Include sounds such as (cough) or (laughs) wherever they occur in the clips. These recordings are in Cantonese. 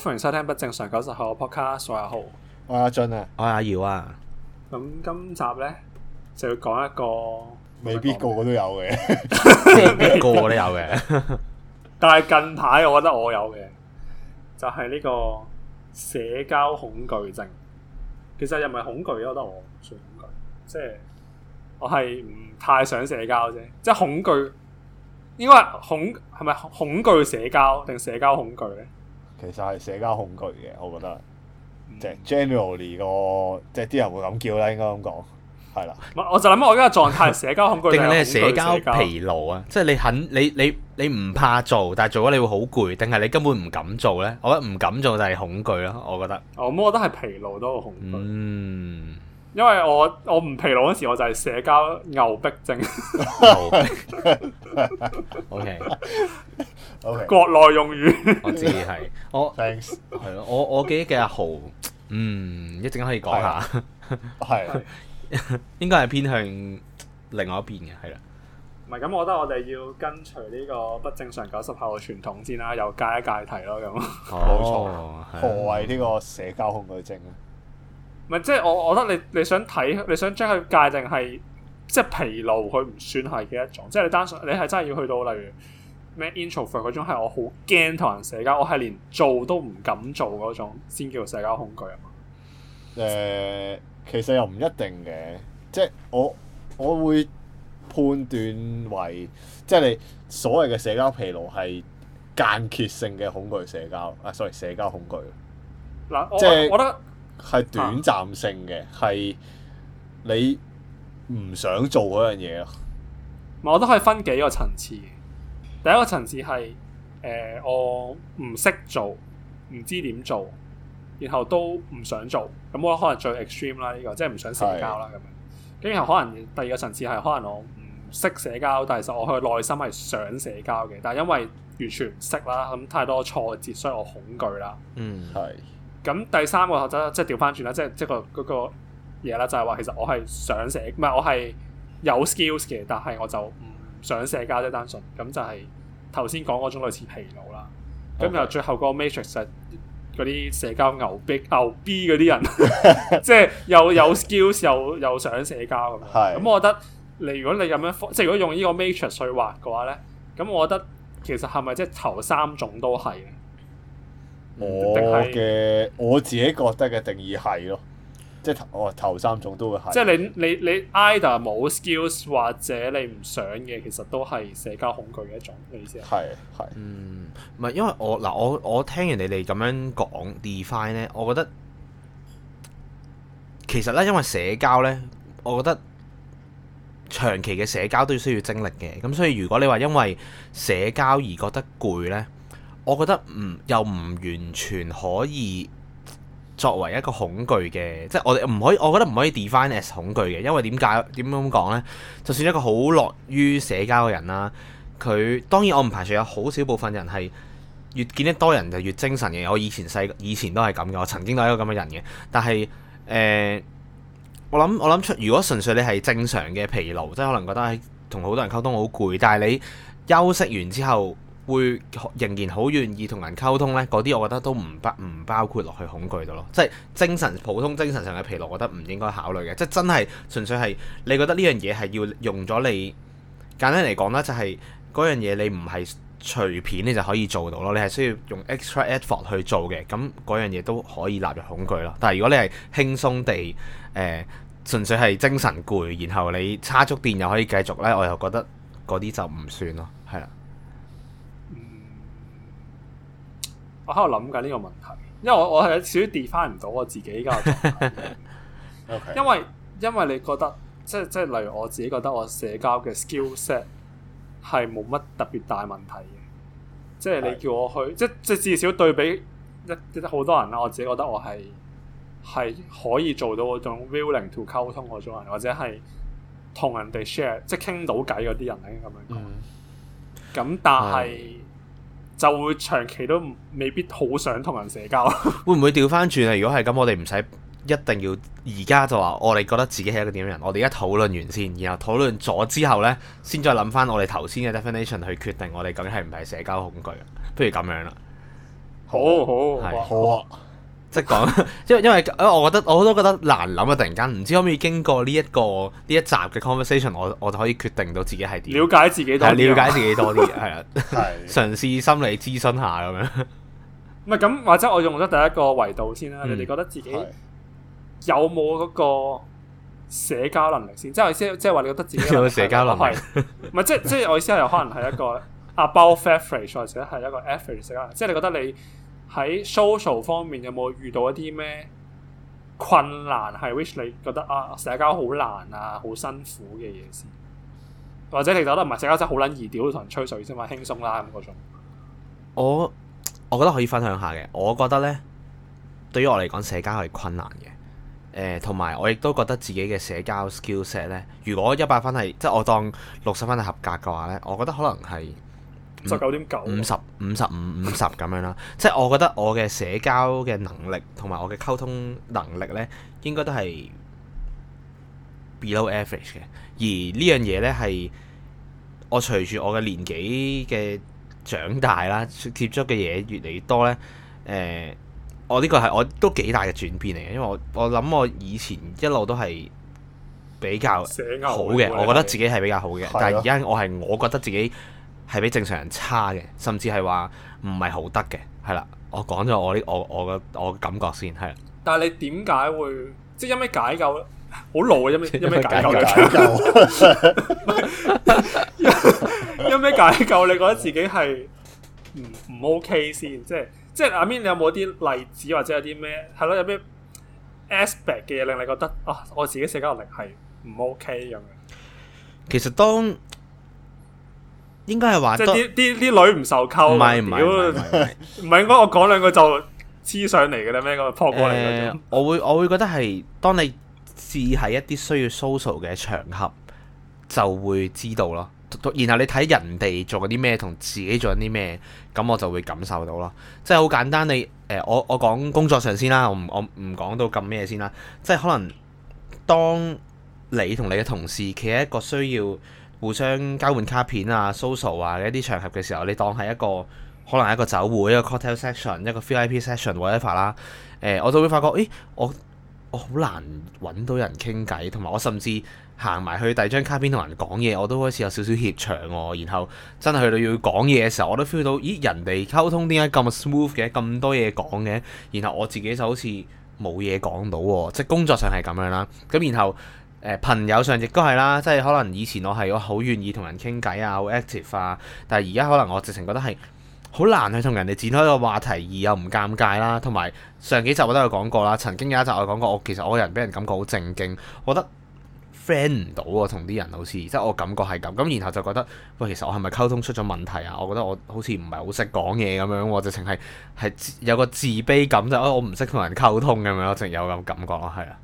歡迎收聽不正常九十號 podcast，我阿豪、我阿俊啊、我阿堯啊，咁今集咧就要講一個，未必個個都有嘅，個個都有嘅，但係近排我覺得我有嘅，就係呢個社交恐懼症。其實又唔係恐懼咯，我覺得我唔算恐懼，即係我係唔太想社交啫，即係恐懼。應該係恐係咪恐懼社交定社交恐懼咧？其實係社交恐懼嘅，我覺得即係 generally 個即係啲人會咁叫啦，應該咁講係啦。我就諗我而家嘅狀態係社交恐懼，定係你係社交疲勞啊？即係你肯你你你唔怕做，但係做咗你會好攰，定係你根本唔敢做咧？我覺得唔敢做就係恐懼啦，我覺得。嗯、我我、， (laughs) 啊、我覺得係疲勞多過恐懼，啊哦。嗯。因為我我唔疲勞嗰時，我就係社交牛逼症。O K O K，國內用語，我自己係我，係咯，我我記得嘅阿豪，嗯，一陣間可以講下，係、啊，啊、應該係偏向另外一邊嘅，係啦。唔係咁，我覺得我哋要跟隨呢個不正常九十後嘅傳統先啦，又戒一戒題咯，咁冇錯。哦錯啊啊、何謂呢個社交恐懼症啊？唔係即係我，我覺得你你想睇你想將佢界定係即係疲勞，佢唔算係嘅一種。即係你單純你係真係要去到例如咩 introvert 嗰種，係我好驚同人社交，我係連做都唔敢做嗰種，先叫社交恐懼啊嘛。誒，其實又唔一定嘅，即係我我會判斷為即係你所謂嘅社交疲勞係間歇性嘅恐懼社交啊 sorry 社交恐懼嗱，即係我覺得。係短暫性嘅，係你唔想做嗰樣嘢咯。唔、嗯，我都可以分幾個層次，第一個層次係誒、呃，我唔識做，唔知點做，然後都唔想做。咁我可能最 extreme 啦，呢、這個即係唔想社交啦咁樣。跟住的可能第二個層次係可能我唔識社交，但係實我去內心係想社交嘅，但係因為完全唔識啦，咁太多挫折，所以我恐懼啦。嗯，係。咁第三個學則即係調翻轉啦，即係即係、個嗰、個嘢啦，就係話其實我係想寫，唔係我係有 skills 嘅，但係我就唔想社交即係單純。咁就係頭先講嗰種類似疲勞啦。咁 Okay. 然後最後個 matrix 嗰啲社交牛逼牛逼嗰啲人，即係 (laughs) (laughs) 又有 skills (laughs) 又又想社交咁樣。咁 (laughs) 我覺得你如果你咁樣，即係如果用呢個 matrix 去畫嘅話咧，咁我覺得其實係咪即係頭三種都係我嘅我自己覺得嘅定義係咯，即係頭哦頭三種都會係。即係你你你 either 冇 skills 或者你唔想嘅，其實都係社交恐懼嘅一種，你意思係？係係嗯，唔係因為我嗱我我聽人哋哋咁樣講 define 咧，我覺得其實咧因為社交咧，我覺得長期嘅社交都需要精力嘅，咁所以如果你話因為社交而覺得攰咧。我覺得唔又唔完全可以作為一個恐懼嘅，即係我哋唔可以，我覺得唔可以 define as 恐懼嘅，因為點解點咁講呢？就算一個好樂於社交嘅人啦，佢當然我唔排除有好少部分人係越見得多人就越精神嘅。我以前細以前都係咁嘅，我曾經都係一個咁嘅人嘅。但係誒、呃，我諗我諗出，如果純粹你係正常嘅疲勞，即係可能覺得同好多人溝通好攰，但係你休息完之後。會仍然好願意同人溝通呢，嗰啲我覺得都唔包唔包括落去恐懼度咯。即係精神普通精神上嘅疲勞，我覺得唔應該考慮嘅。即係真係純粹係你覺得呢樣嘢係要用咗你簡單嚟講咧，就係嗰樣嘢你唔係隨便你就可以做到咯。你係需要用 extra effort 去做嘅，咁嗰樣嘢都可以納入恐懼啦。但係如果你係輕鬆地誒、呃、純粹係精神攰，然後你差足電又可以繼續呢，我又覺得嗰啲就唔算咯。係啊。我喺度諗緊呢個問題，因為我我係少少 define 唔到我自己噶， (laughs) Okay. 因為因為你覺得即係即係例如我自己覺得我社交嘅 skillset 係冇乜特別大問題嘅，即係你叫我去 (laughs) 即即至少對比一即好多人啦，我自己覺得我係係可以做到嗰種 willing to 溝通嗰種人，或者係同人哋 share 即係傾到偈嗰啲人已咁樣講，咁、mm hmm. 但係。Mm hmm. 就會長期都未必好想同人社交。 (laughs) 會唔會調翻轉啊？如果係咁，我哋唔使一定要而家就話，我哋覺得自己係一個點樣人。我哋而家討論完先，然後討論咗之後呢，先再諗翻我哋頭先嘅 definition 去決定我哋究竟係唔係社交恐懼。不如咁樣啦。好好，好，係好啊。即係講，因為因為我覺得我都覺得難諗啊！突然間唔知可唔可以經過呢一個呢一集嘅 conversation，我我就可以決定到自己係點？瞭解自己多啲，瞭解自己多啲，係啊，嘗試心理諮詢下咁樣。唔係咁，或者我用咗第一個維度先啦。嗯、你哋覺得自己有冇嗰個社交能力先？的即係我意思，即係話你覺得自己有社交能力，唔係 (laughs) (laughs) 即係即係我意思係，可能係一個 above average，或者係一個 average，即係你覺得你。喺 social 方面有冇遇到一啲咩困難？係 wish 你覺得啊社交好難啊，好辛苦嘅嘢先，或者其實都唔係社交真係好撚易屌同人吹水啫嘛，輕鬆啦咁嗰種。我我覺得可以分享下嘅。我覺得呢，對於我嚟講社交係困難嘅，誒同埋我亦都覺得自己嘅社交 skill set 呢，如果一百分係即係我當六十分係合格嘅話呢，我覺得可能係。十九點九，五十五十五五十咁樣啦。即係我覺得我嘅社交嘅能力同埋我嘅溝通能力呢，應該都係 below average 嘅。而呢樣嘢呢，係我隨住我嘅年紀嘅長大啦，接觸嘅嘢越嚟越多呢。誒、呃，我呢個係我都幾大嘅轉變嚟嘅，因為我我諗我以前一路都係比較好嘅，我覺得自己係比較好嘅。對啊、但係而家我係我覺得自己。係比正常人差嘅，甚至係話唔係好得嘅，係啦。我講咗我啲我我嘅我感覺先，係啦。但係你點解會？即係有咩解救咧，好老啊！因為有咩解救，有咩解救，你覺得自己係唔唔 OK 先？即係即係阿 Min，你有冇啲例子或者有啲咩係咯？有咩 aspect 嘅嘢令你覺得啊？我自己社交能力係唔 OK 咁樣。其實當。應該係話，即係啲啲女唔受溝。唔係唔係，唔係應該我講兩句就黐上嚟嘅啦咩？我撲過嚟。誒，我會我會覺得係當你置喺一啲需要 social 嘅場合，就會知道咯。然後你睇人哋做緊啲咩，同自己做緊啲咩，咁我就會感受到咯。即係好簡單，你誒、呃，我我講工作上先啦，我唔我唔講到咁咩先啦。即係可能當你同你嘅同事企喺一個需要。互相交換卡片啊、social 啊嘅一啲場合嘅時候，你當係一個可能係一個酒會、一個 cocktail session、一個 VIP session 或者係啦，誒我就會發覺，咦，我我好難揾到人傾偈，同埋我甚至行埋去第二張卡片同人講嘢，我都開始有少少怯場喎、啊。然後真係去到要講嘢嘅時候，我都 feel 到，咦，人哋溝通點解咁 smooth 嘅，咁多嘢講嘅，然後我自己就好似冇嘢講到喎、啊，即係工作上係咁樣啦。咁然後。朋友上亦都係啦，即係可能以前我係好願意同人傾偈啊，好 active 啊，但係而家可能我直情覺得係好難去同人哋展開個話題而又唔尷尬啦。同埋上幾集我都有講過啦，曾經有一集我講過，我其實我個人俾人感覺好正經，我覺得 friend 唔到喎、啊，同啲人好似即係我感覺係咁。咁然後就覺得喂，其實我係咪溝通出咗問題啊？我覺得我好似唔係好識講嘢咁樣，我直情係係有個自卑感，就我唔識同人溝通咁樣，我直情有咁感覺咯，係啊。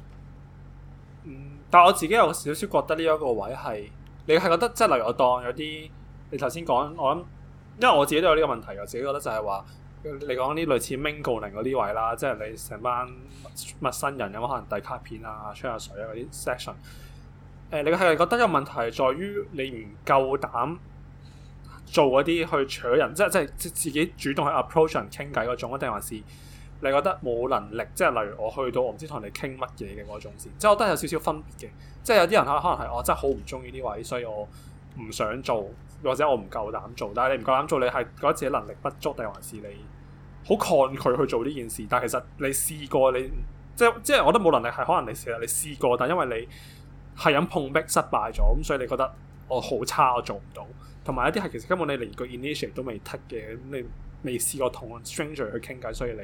但我自己有少少覺得呢一個位係，你係覺得即係例如我當有啲，你頭先講我諗，因為我自己都有呢個問題，我自己覺得就係話，你講啲類似 mingling 嗰啲位啦，即係你成班陌生人有冇可能遞卡片啊、吹下水啊嗰啲 section、呃。誒，你係覺得有問題在於你唔夠膽做嗰啲去搶人，即係即係自己主動去 approach 人傾偈嗰種，定還是？你覺得冇能力，即係例如我去到，我唔知同你傾乜嘢嘅嗰種事，即係我覺得有少少分別嘅。即係有啲人可能係我、哦、真係好唔中意呢位，所以我唔想做，或者我唔夠膽做。但係你唔夠膽做，你係覺得自己能力不足，定還是你好抗拒去做呢件事？但係其實你試過，你即即係我都冇能力，係可能你成日你試過，但係因為你係咁碰壁失敗咗，咁所以你覺得我、哦、好差，我做唔到。同埋一啲係其實根本你連個 initiate 都未剔嘅，咁你未試過同 stranger 去傾偈，所以你。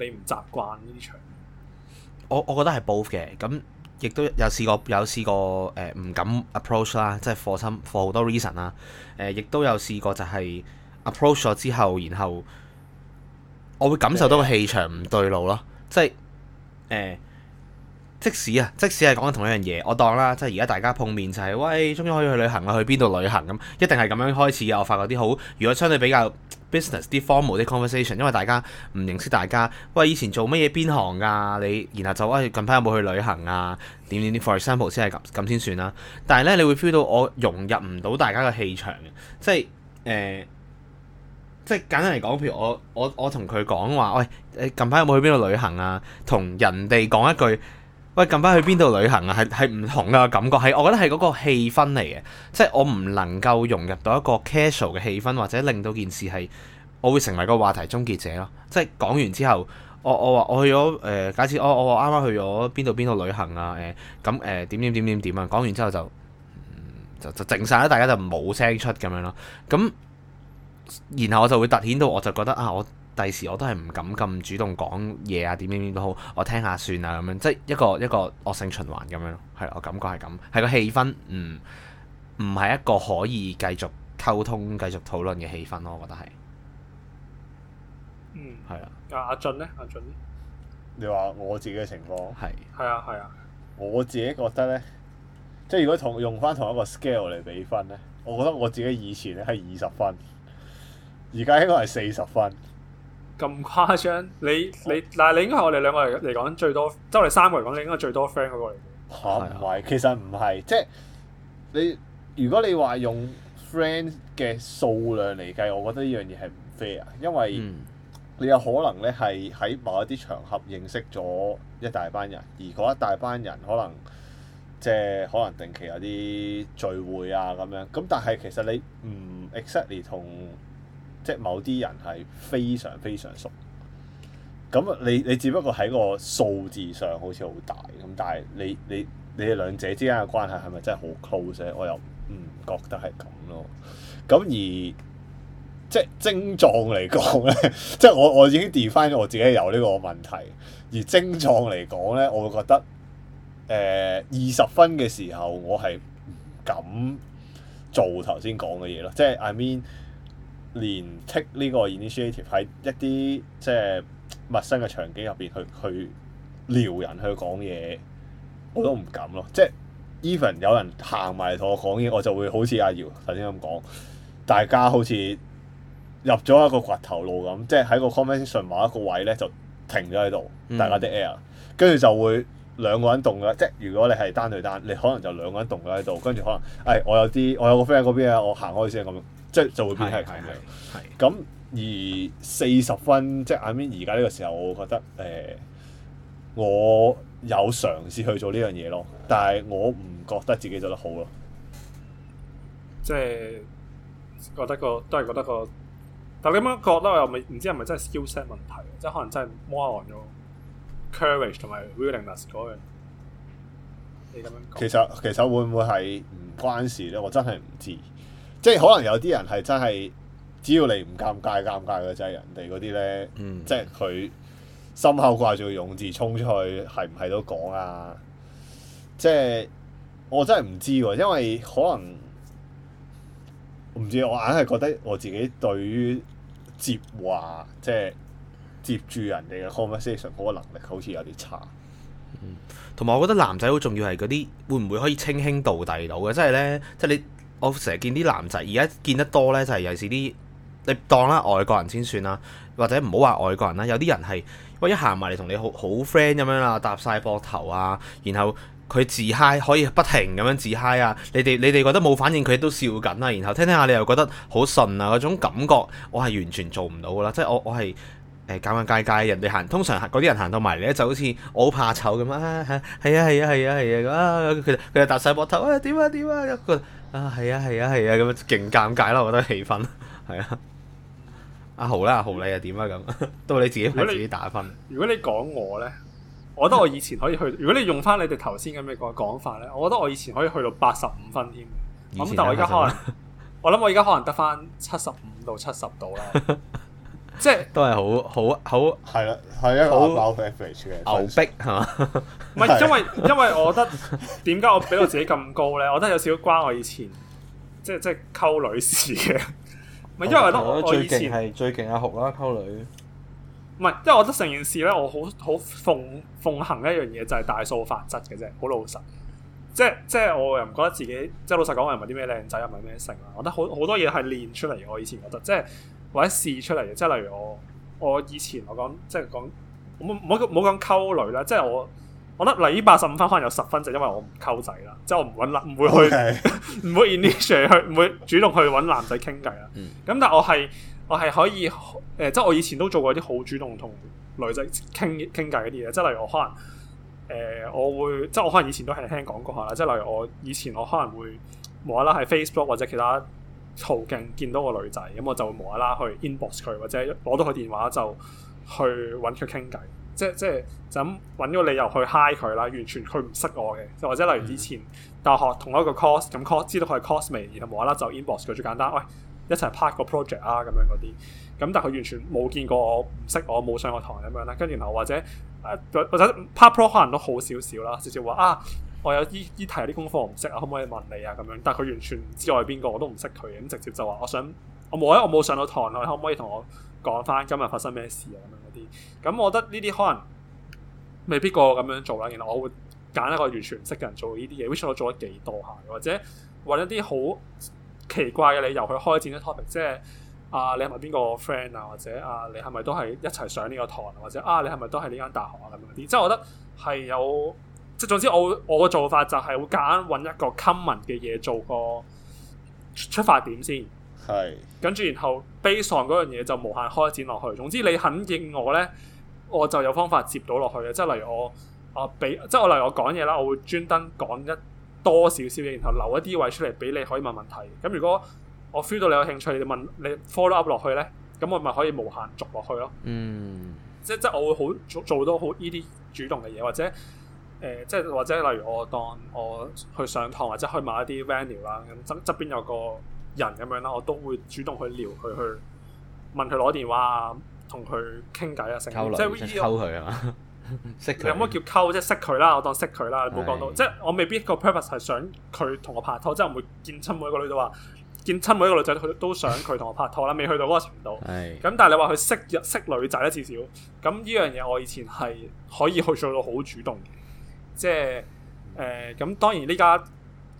你唔習慣呢啲場？我我覺得係 both 嘅，咁亦都有試過有試過誒唔、呃、敢 approach 啦、啊，即係 for 好多 reason 啦、啊。誒，亦都有試過就係 approach 咗之後，然後我會感受到個氣場唔對路咯，Yeah. 即係誒、呃，即使啊，即使係講緊同一樣嘢，我當啦，即係而家大家碰面就係、是、喂，終於可以去旅行啦，去邊度旅行咁，一定係咁樣開始嘅！我發覺啲好，如果相對比較，Business 啲 formal 啲 conversation，因為大家唔認識大家，喂，以前做乜嘢邊行噶、啊？你然後就喂、哎、近排有冇去旅行啊？點點啲 for example 先係咁咁先算啦。但係咧，你會 feel 到我融入唔到大家嘅氣場嘅，即係誒、呃，即係簡單嚟講，譬如我我我同佢講話，喂、哎，你近排有冇去邊度旅行啊？同人哋講一句。喂，近排去邊度旅行啊？係係唔同嘅、啊、感覺，係我覺得係嗰個氣氛嚟嘅，即係我唔能夠融入到一個 casual 嘅氣氛，或者令到件事係我會成為個話題終結者咯、啊。即係講完之後，我我話我去咗誒，假、呃、設我我啱啱去咗邊度邊度旅行啊誒，咁誒點點點點點啊，講完之後就、嗯、就就靜晒啦，大家就冇聲出咁樣咯。咁然後我就會突顯到，我就覺得啊我。第時我都係唔敢咁主動講嘢啊，點點點都好，我聽下算啊，咁樣即係一個一個惡性循環咁樣，係我感覺係咁，係個氣氛，唔唔係一個可以繼續溝通、繼續討論嘅氣氛咯、啊。我覺得係，嗯，係啊。阿俊呢？阿、啊、俊呢？你話我自己嘅情況係係啊，係啊的，我自己覺得呢，即係如果同用翻同一個 scale 嚟比分呢，我覺得我自己以前咧係二十分，而家應該係四十分。咁誇張？你你，但係你應該係我哋兩個嚟嚟講最多，即係我哋、哦、三個嚟講，你應該最多 friend 嗰個嚟嘅、啊。嚇唔係，其實唔係，即係你如果你話用 friend 嘅數量嚟計，我覺得呢樣嘢係唔 fair，啊，因為你有可能咧係喺某一啲場合認識咗一大班人，而嗰一大班人可能即係可能定期有啲聚會啊咁樣，咁但係其實你唔 exactly 同。即某啲人係非常非常熟，咁你你只不過喺個數字上好似好大，咁但係你你你哋兩者之間嘅關係係咪真係好 close 咧？我又唔覺得係咁咯。咁而即係症狀嚟講咧，即係我我已經 define 咗我自己有呢個問題。而症狀嚟講咧，我會覺得誒二十分嘅時候，我係唔敢做頭先講嘅嘢咯。即係 I mean。連 take 呢個 initiative 喺一啲即係陌生嘅場景入邊去去撩人去講嘢，我都唔敢咯。即係 even 有人行埋同我講嘢，我就會好似阿姚頭先咁講，大家好似入咗一個掘頭路咁，即係喺個 convention 某一個位咧就停咗喺度，嗯、大家啲 air，跟住就會兩個人動嘅。即係如果你係單對單，你可能就兩個人動咗喺度，跟住可能誒、哎、我有啲我有個 friend 喺嗰邊啊，我行開先咁。即係就會變係咁樣。咁 (noise) 而四十分，即係 I mean 而家呢個時候，我覺得誒、呃，我有嘗試去做呢樣嘢咯，但係我唔覺得自己做得好咯 (noise) 。即係覺得個都係覺得個，但係你點樣覺得我又咪唔知係咪真係 skill set 問題，即係可能真係 more on 咗 courage 同埋 willingness 嗰樣。你咁樣講其實其實會唔會係唔關事咧？我真係唔知。即係可能有啲人係真係，只要你唔尷尬，尷尬嘅就係人哋嗰啲咧，嗯、即係佢心口掛住勇字衝出去，係唔係都講啊？即係我真係唔知喎，因為可能唔知，我硬係覺得我自己對於接話，即係接住人哋嘅 conversation 嗰個能力，好似有啲差。同埋、嗯、我覺得男仔好重要係嗰啲，會唔會可以輕輕到道到嘅？即係咧，即係你。我成日見啲男仔，而家見得多呢，就係尤其是啲你當啦外國人先算啦，或者唔好話外國人啦，有啲人係我一行埋嚟同你好好 friend 咁樣啦，搭晒膊頭啊，然後佢自嗨，可以不停咁樣自嗨啊，你哋你哋覺得冇反應佢都笑緊啊。然後聽聽下你又覺得好順啊，嗰種感覺，我係完全做唔到噶啦，即係我我係誒尷尬尷尬，人哋行，通常嗰啲人行到埋嚟咧，就好似我好怕醜咁啊，係啊係啊係啊係啊，佢佢又搭晒膊頭啊點啊點啊啊，係啊，係啊，係啊，咁啊，勁尷尬啦。我覺得氣氛，係啊，阿豪啦，阿豪你又點啊？咁， (laughs) 到你自己同自己打分如。如果你講我呢，我覺得我以前可以去，如果你用翻你哋頭先咁嘅講法呢，我覺得我以前可以去到八十五分添。咁但我而家可能， (laughs) 我諗我而家可能得翻七十五到七十度啦。 (laughs) 即係都係好好好係啦，係一個好爆嘅牛逼係嘛？唔係因為因為我覺得點解我俾我自己咁高咧？我覺得有少少關我以前即係即係溝女事嘅。唔係因為我覺得我以前係最勁阿豪啦溝女。唔係因為我覺得成件事咧，我好好奉奉行一樣嘢就係大數法則嘅啫，好老實。即即係我又唔覺得自己即係老實講，我又唔係啲咩靚仔，又唔係咩性，啦。我覺得好好多嘢係練出嚟。我以前覺得即係，或者試出嚟嘅，即係例如我，我以前我講，即係講，唔好好講溝女啦。即係我，我覺得嚟呢八十五分可能有十分，就係，因為我唔溝仔啦。即係我唔揾男，唔會去，唔會 initiate 去，唔會主動去揾男仔傾偈啦。咁 (laughs) 但係我係，我係可以，誒、呃，即係我以前都做過啲好主動同女仔傾傾偈嗰啲嘢。即係例如我可能，誒、呃，我會，即係我可能以前都係聽講過下啦。即係例如我以前我可能會無啦啦喺 Facebook 或者其他。途徑見到個女仔，咁我就無啦啦去 inbox 佢，或者攞到佢電話就去揾佢傾偈，即係即係就咁揾個理由去嗨佢啦，完全佢唔識我嘅，就或者例如以前大、嗯、學同一個 course 咁 course 知道佢係 coursemate, 然後無啦啦就 inbox 佢最簡單，喂、哎、一齊拍個 project 啊咁樣嗰啲，咁但係佢完全冇見過我唔識我冇上過堂咁樣啦，跟住然後或者、呃、或者拍 pro 可能都好少少啦，直接話啊。我有依依題啲功課我唔識啊，可唔可以問你啊？咁樣，但係佢完全唔知我係邊個，我都唔識佢，咁直接就話：我想我冇咧，我冇上到堂，你可唔可以同我講翻今日發生咩事啊？咁樣嗰啲，咁我覺得呢啲可能未必個咁樣做啦。原來我會揀一個完全唔識嘅人做呢啲嘢，which 我做得幾多下，或者揾一啲好奇怪嘅理由去開展啲 topic，即係啊，你係咪邊個 friend 啊？或者啊，你係咪都係一齊上呢個堂啊？或者啊，你係咪都係呢間大學啊？咁樣嗰啲，即係我覺得係有。即係總之我，我我個做法就係會揀一個 common 嘅嘢做個出，出，出發點先，係是。跟住然後 basic 嗰樣嘢就無限開展落去。總之你肯應我咧，我就有方法接到落去嘅。即係例如我我俾、啊，即係我例如我講嘢啦，我會專登講一多少少嘢，然後留一啲位出嚟俾你可以問問題。咁如果我 feel 到你有興趣，你問你 follow up 落去咧，咁我咪可以無限續落去咯。嗯，即即係我會好做，做到好呢啲主動嘅嘢，或者。誒、呃，即係或者例如我當我去上堂或者去買一啲 venue 啦，咁側側邊有個人咁樣啦，我都會主動去撩佢去問佢攞電話啊，同佢傾偈啊，成女即係溝佢啊嘛。 (laughs) 識他你有乜叫溝？即係識佢啦，我當識佢啦。你冇講到，是的 即係我未必一個 purpose 係想佢同我拍拖，即係我會見親每一個女仔話，見親每一個女仔都都想佢同我拍拖啦， (laughs) 未去到嗰個程度。咁是的 但係你話佢識識女仔，一至少咁呢樣嘢，我以前係可以去做到好主動嘅。即係誒，咁、呃、當然呢家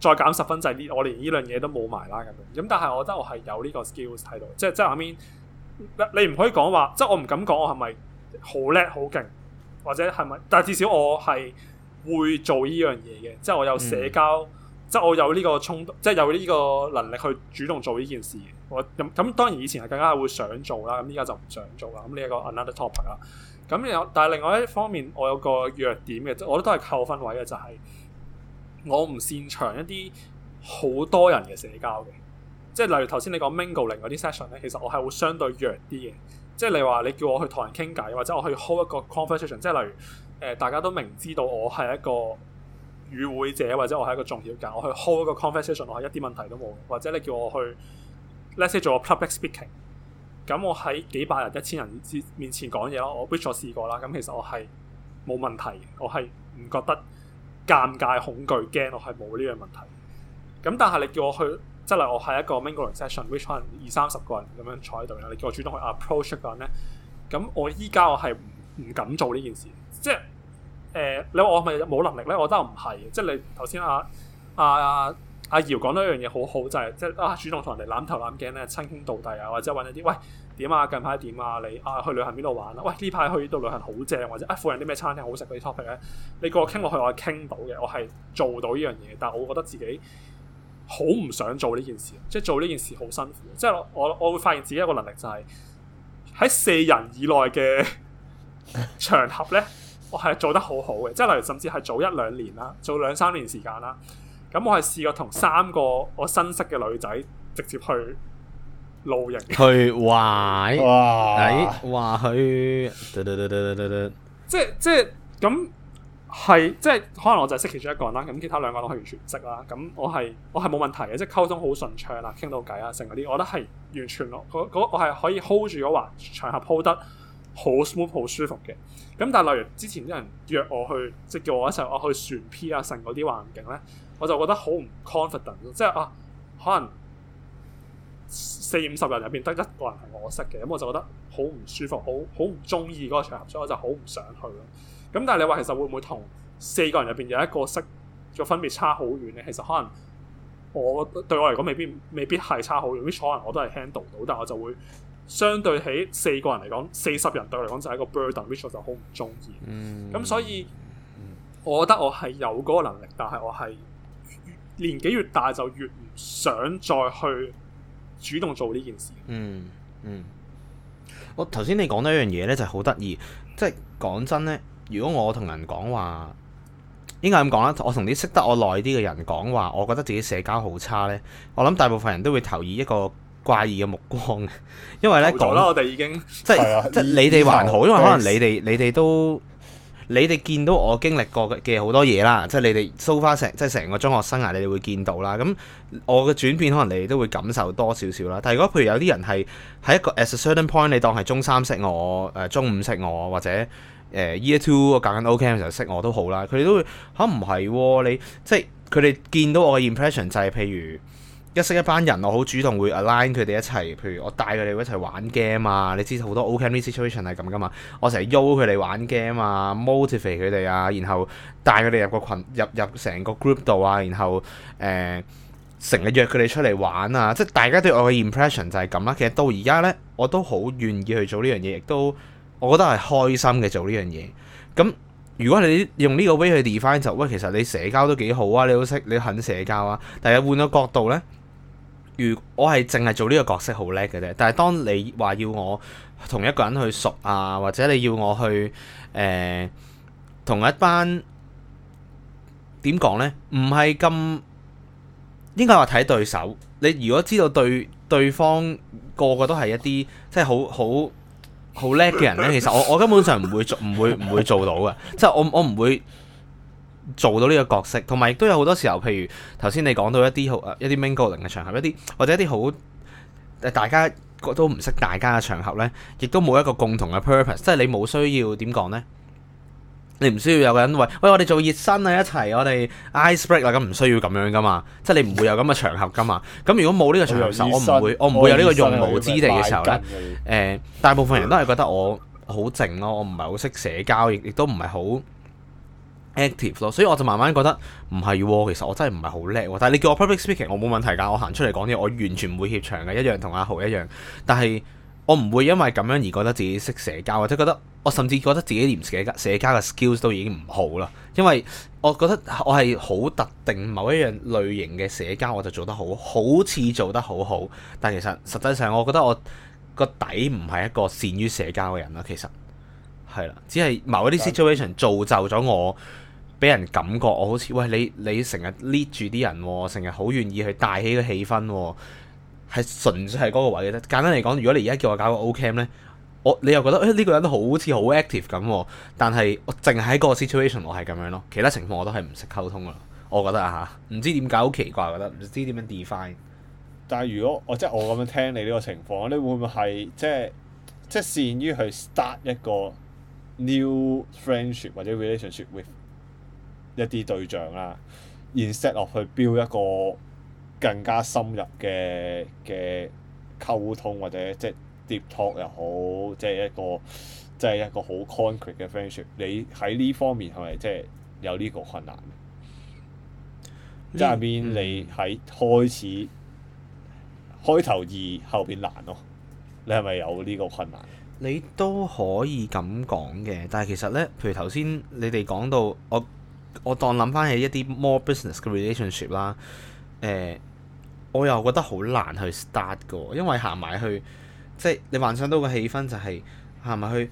再減十分制，啲，我連呢樣嘢都冇埋啦。咁咁，但係我覺得我係有呢個 skills 喺度，即係即係話面，I mean, 你唔可以講話，即係我唔敢講我係咪好叻好勁，或者係咪？但係至少我係會做呢樣嘢嘅，即係我有社交，即係、嗯、我有呢個衝動，即係有呢個能力去主動做呢件事。我咁、嗯、當然以前係更加係會想做啦，咁而家就唔想做啦。咁呢一個 another topic 啦。咁但係另外一方面，我有個弱點嘅，我都都係扣分位嘅，就係、是、我唔擅長一啲好多人嘅社交嘅，即係例如頭先你講 mingling 嗰啲 session 咧，其實我係會相對弱啲嘅。即係你話你叫我去同人傾偈，或者我去 hold 一個 conversation，即係例如誒、呃、大家都明知道我係一個與會者，或者我係一個重要嘅，我去 hold 一個 conversation，我係一啲問題都冇。或者你叫我去 let’s say do 個 public speaking。咁我喺幾百人、一千人之面前講嘢咯，我 which 我試過啦，咁其實我係冇問題，我係唔覺得尷尬、恐懼、驚，我係冇呢樣問題。咁但係你叫我去，即係例如我喺一個 mingle session，which 可能二三十個人咁樣坐喺度，你叫我主動去 approach 一個人咧，咁我依家我係唔敢做呢件事。即係，誒、呃，你話我係咪冇能力咧，我真係唔係。即係你頭先啊啊。啊啊阿姚講到一樣嘢，好好就係即係啊，主動同人哋攬頭攬頸咧，稱兄道弟啊，或者揾一啲喂點啊，近排點啊，你啊去旅行邊度玩啊？喂，呢排去到旅行好正，或者啊附近啲咩餐廳好食嗰啲 topic 咧，你個傾落去我係傾到嘅，我係做到依樣嘢，但係我覺得自己好唔想做呢件事，即係做呢件事好辛苦，即係我我會發現自己一個能力就係喺四人以內嘅場合咧，我係做得好好嘅，即係例如甚至係早一兩年啦，早兩三年時間啦。咁我係試過同三個我新識嘅女仔直接去露營，去話，話話去，即係即係咁係，即係可能我就係識其中一個人啦，咁其他兩個都係完全識啦。咁我係我係冇問題嘅，即係溝通好順暢啦，傾到偈啊，成嗰啲，我覺得係完全我，我我係可以 hold 住嘅話場合 hold 得好 smooth 好舒服嘅。咁但係例如之前啲人約我去，即係叫我一齊我去船 P 啊，成嗰啲環境咧。我就覺得好唔 confident，即係啊，可能四五十人入邊得一個人係我識嘅，咁、嗯、我就覺得好唔舒服，好好唔中意嗰個場合，所以我就好唔想去咯。咁、嗯、但係你話其實會唔會同四個人入邊有一個識，嘅分別差好遠呢？其實可能我對我嚟講未必未必係差好遠，which 可能我都係 handle 到，但我就會相對起四個人嚟講，四十人對我嚟講就係一個 burden，which 我就好唔中意。咁、嗯嗯嗯、所以，我覺得我係有嗰個能力，但係我係。年紀越大就越唔想再去主動做呢件事，嗯。嗯嗯，我頭先你講到一樣嘢呢，就係好得意。即係講真呢，如果我同人講話，應該咁講啦。我同啲識得我耐啲嘅人講話，我覺得自己社交好差呢，我諗大部分人都會投以一個怪異嘅目光。因為呢，覺得我哋已經即係是、啊、即係你哋還好，後因為可能你哋是你哋都。你哋見到我經歷過嘅好多嘢啦，即係你哋 show 翻成即係成個中學生涯，你哋會見到啦。咁我嘅轉變可能你哋都會感受多少少啦。但係如果譬如有啲人係喺一個 as a certain point，你當係中三識我，誒中五識我，或者誒、呃、year two 我教緊 O level 嘅時候識我都好啦。佢哋都會嚇唔係喎？你即係佢哋見到我嘅 impression 就係、是、譬如。一識一班人，我好主動會 align 佢哋一齊。譬如我帶佢哋一齊玩 game 啊，你知好多 openly situation 係咁噶嘛。我成日邀佢哋玩 game 啊，motivate 佢哋啊，然後帶佢哋入個群入入成個 group 度啊，然後誒成日約佢哋出嚟玩啊。即係大家對我嘅 impression 就係咁啦。其實到而家呢，我都好願意去做呢樣嘢，亦都我覺得係開心嘅做呢樣嘢。咁如果你用呢個 way 去 define 就喂，其實你社交都幾好啊，你好識你肯社交啊。但係換個角度呢。如我係淨係做呢個角色好叻嘅啫，但係當你話要我同一個人去熟啊，或者你要我去誒、呃、同一班點講呢？唔係咁應該話睇對手。你如果知道對對方個個都係一啲即係好好好叻嘅人呢，其實我我根本上唔會做，唔會唔會做到嘅。即係我我唔會。做到呢個角色，同埋亦都有好多時候，譬如頭先你講到一啲好、呃、一啲 mingling 嘅場合，一啲或者一啲好大家都唔識大家嘅場合呢，亦都冇一個共同嘅 purpose，即係你冇需要點講呢？你唔需要有個人為，喂，我哋做熱身啊，一齊我哋 ice break 啊，咁唔需要咁樣噶嘛？即係你唔會有咁嘅場合噶嘛？咁如果冇呢個場合，我唔會我唔會有呢個用武之地嘅時候呢，誒、呃，大部分人都係覺得我好靜咯，我唔係好識社交，亦亦都唔係好。active 咯，所以我就慢慢覺得唔係喎，其實我真係唔係好叻喎。但係你叫我 public speaking，我冇問題㗎。我行出嚟講嘢，我完全唔會怯場嘅，一樣同阿豪一樣。但係我唔會因為咁樣而覺得自己識社交，或者覺得我甚至覺得自己連社交社交嘅 skills 都已經唔好啦。因為我覺得我係好特定某一樣類型嘅社交，我就做得好好似做得好好，但其實實際上我覺得我個底唔係一個善於社交嘅人啦，其實。係啦，只係某一啲 situation 造就咗我，俾是人感覺我好似喂，你，你成日 lead 住啲人，哦，成日好願意去帶起個氣氛，哦，係純粹係嗰個位嘅啫。簡單嚟講，如果你而家叫我搞個 O Camp 咧，我你又覺得誒呢，哎呢個人都好似好 active 咁，哦，但係我淨係喺個 situation 我係咁樣咯，其他情況我都係唔識溝通啦。我覺得啊嚇，唔知點解好奇怪覺得，唔知點樣 define。但係如果我即係我咁樣聽你呢個情況，你會唔會係即係即係善於去 start 一個？New friendship 或者 relationship with 一啲對象啦，instead 落去 build 一個更加深入嘅嘅溝通或者即係、就是、deep talk 又好，即、就、係、是、一個即係、就是、一個好 concrete 嘅 friendship。你喺呢方面係咪即係有呢個困難？即係變你喺開始、嗯、開頭易，後邊難咯。你係咪有呢個困難？你都可以咁講嘅，但係其實呢，譬如頭先你哋講到，我我當諗翻起一啲 more business 嘅 relationship 啦，誒，我又覺得好難去 start 㗎，因為行埋去，即係你幻想到個氣氛就係行埋去，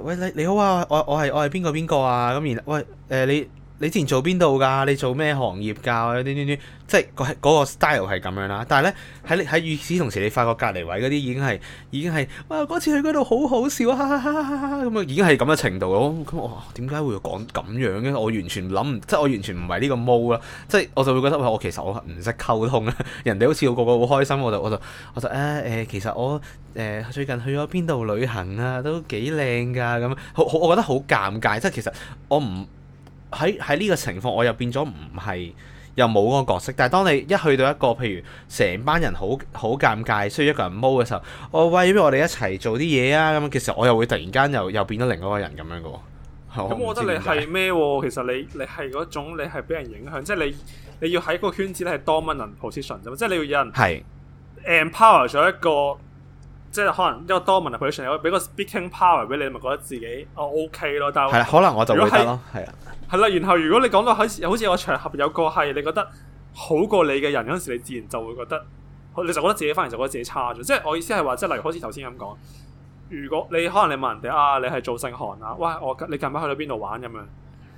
喂，你你好啊，我我係我係邊個邊個啊，咁然，喂誒、呃、你。你之前做邊度㗎？你做咩行業㗎？有啲啲即係嗰、嗰個 style 係咁樣啦。但係呢，喺喺與此同時，你發覺隔離位嗰啲已經係已經係，哇！嗰次去嗰度好好笑啊！哈哈哈哈哈哈咁啊，已經係咁嘅程度咯。咁我點解會講咁樣嘅？我完全諗唔，即係我完全唔係呢個 mode 啦。即係我就會覺得、哎，我其實我唔識溝通啊。人哋好似個個好開心，我就我就我就誒、啊呃、其實我誒、呃、最近去咗邊度旅行啊，都幾靚㗎咁。我我覺得好尷尬，即係其實我唔。喺喺呢個情況，我又變咗唔係又冇嗰個角色。但係當你一去到一個，譬如成班人好好尷尬，需要一個人踎嘅時候，我、哦、喂，要唔要我哋一齊做啲嘢啊？咁樣，其實，我又會突然間又又變咗另外一個人咁樣嘅。咁我、嗯、我覺得你係咩喎？其實你你係嗰種你係俾人影響，即係你你要喺嗰個圈子咧係 dominant position 啫，即係你要有人係 empower 咗一個。即係可能一個 dominant position 有俾個 speaking power 俾你，咪覺得自己我、哦、OK 咯。但係可能我就會覺得咯，係啊，係啦的。然後如果你講到好似好似個場合有個係你覺得好過你嘅人嗰陣時，你自然就會覺得，你就覺得自己反而就覺得自己差咗。即係我意思係話，即係例如好似頭先咁講，如果你可能你問人哋啊，你係做盛寒啊，哇！我你近排去到邊度玩咁樣？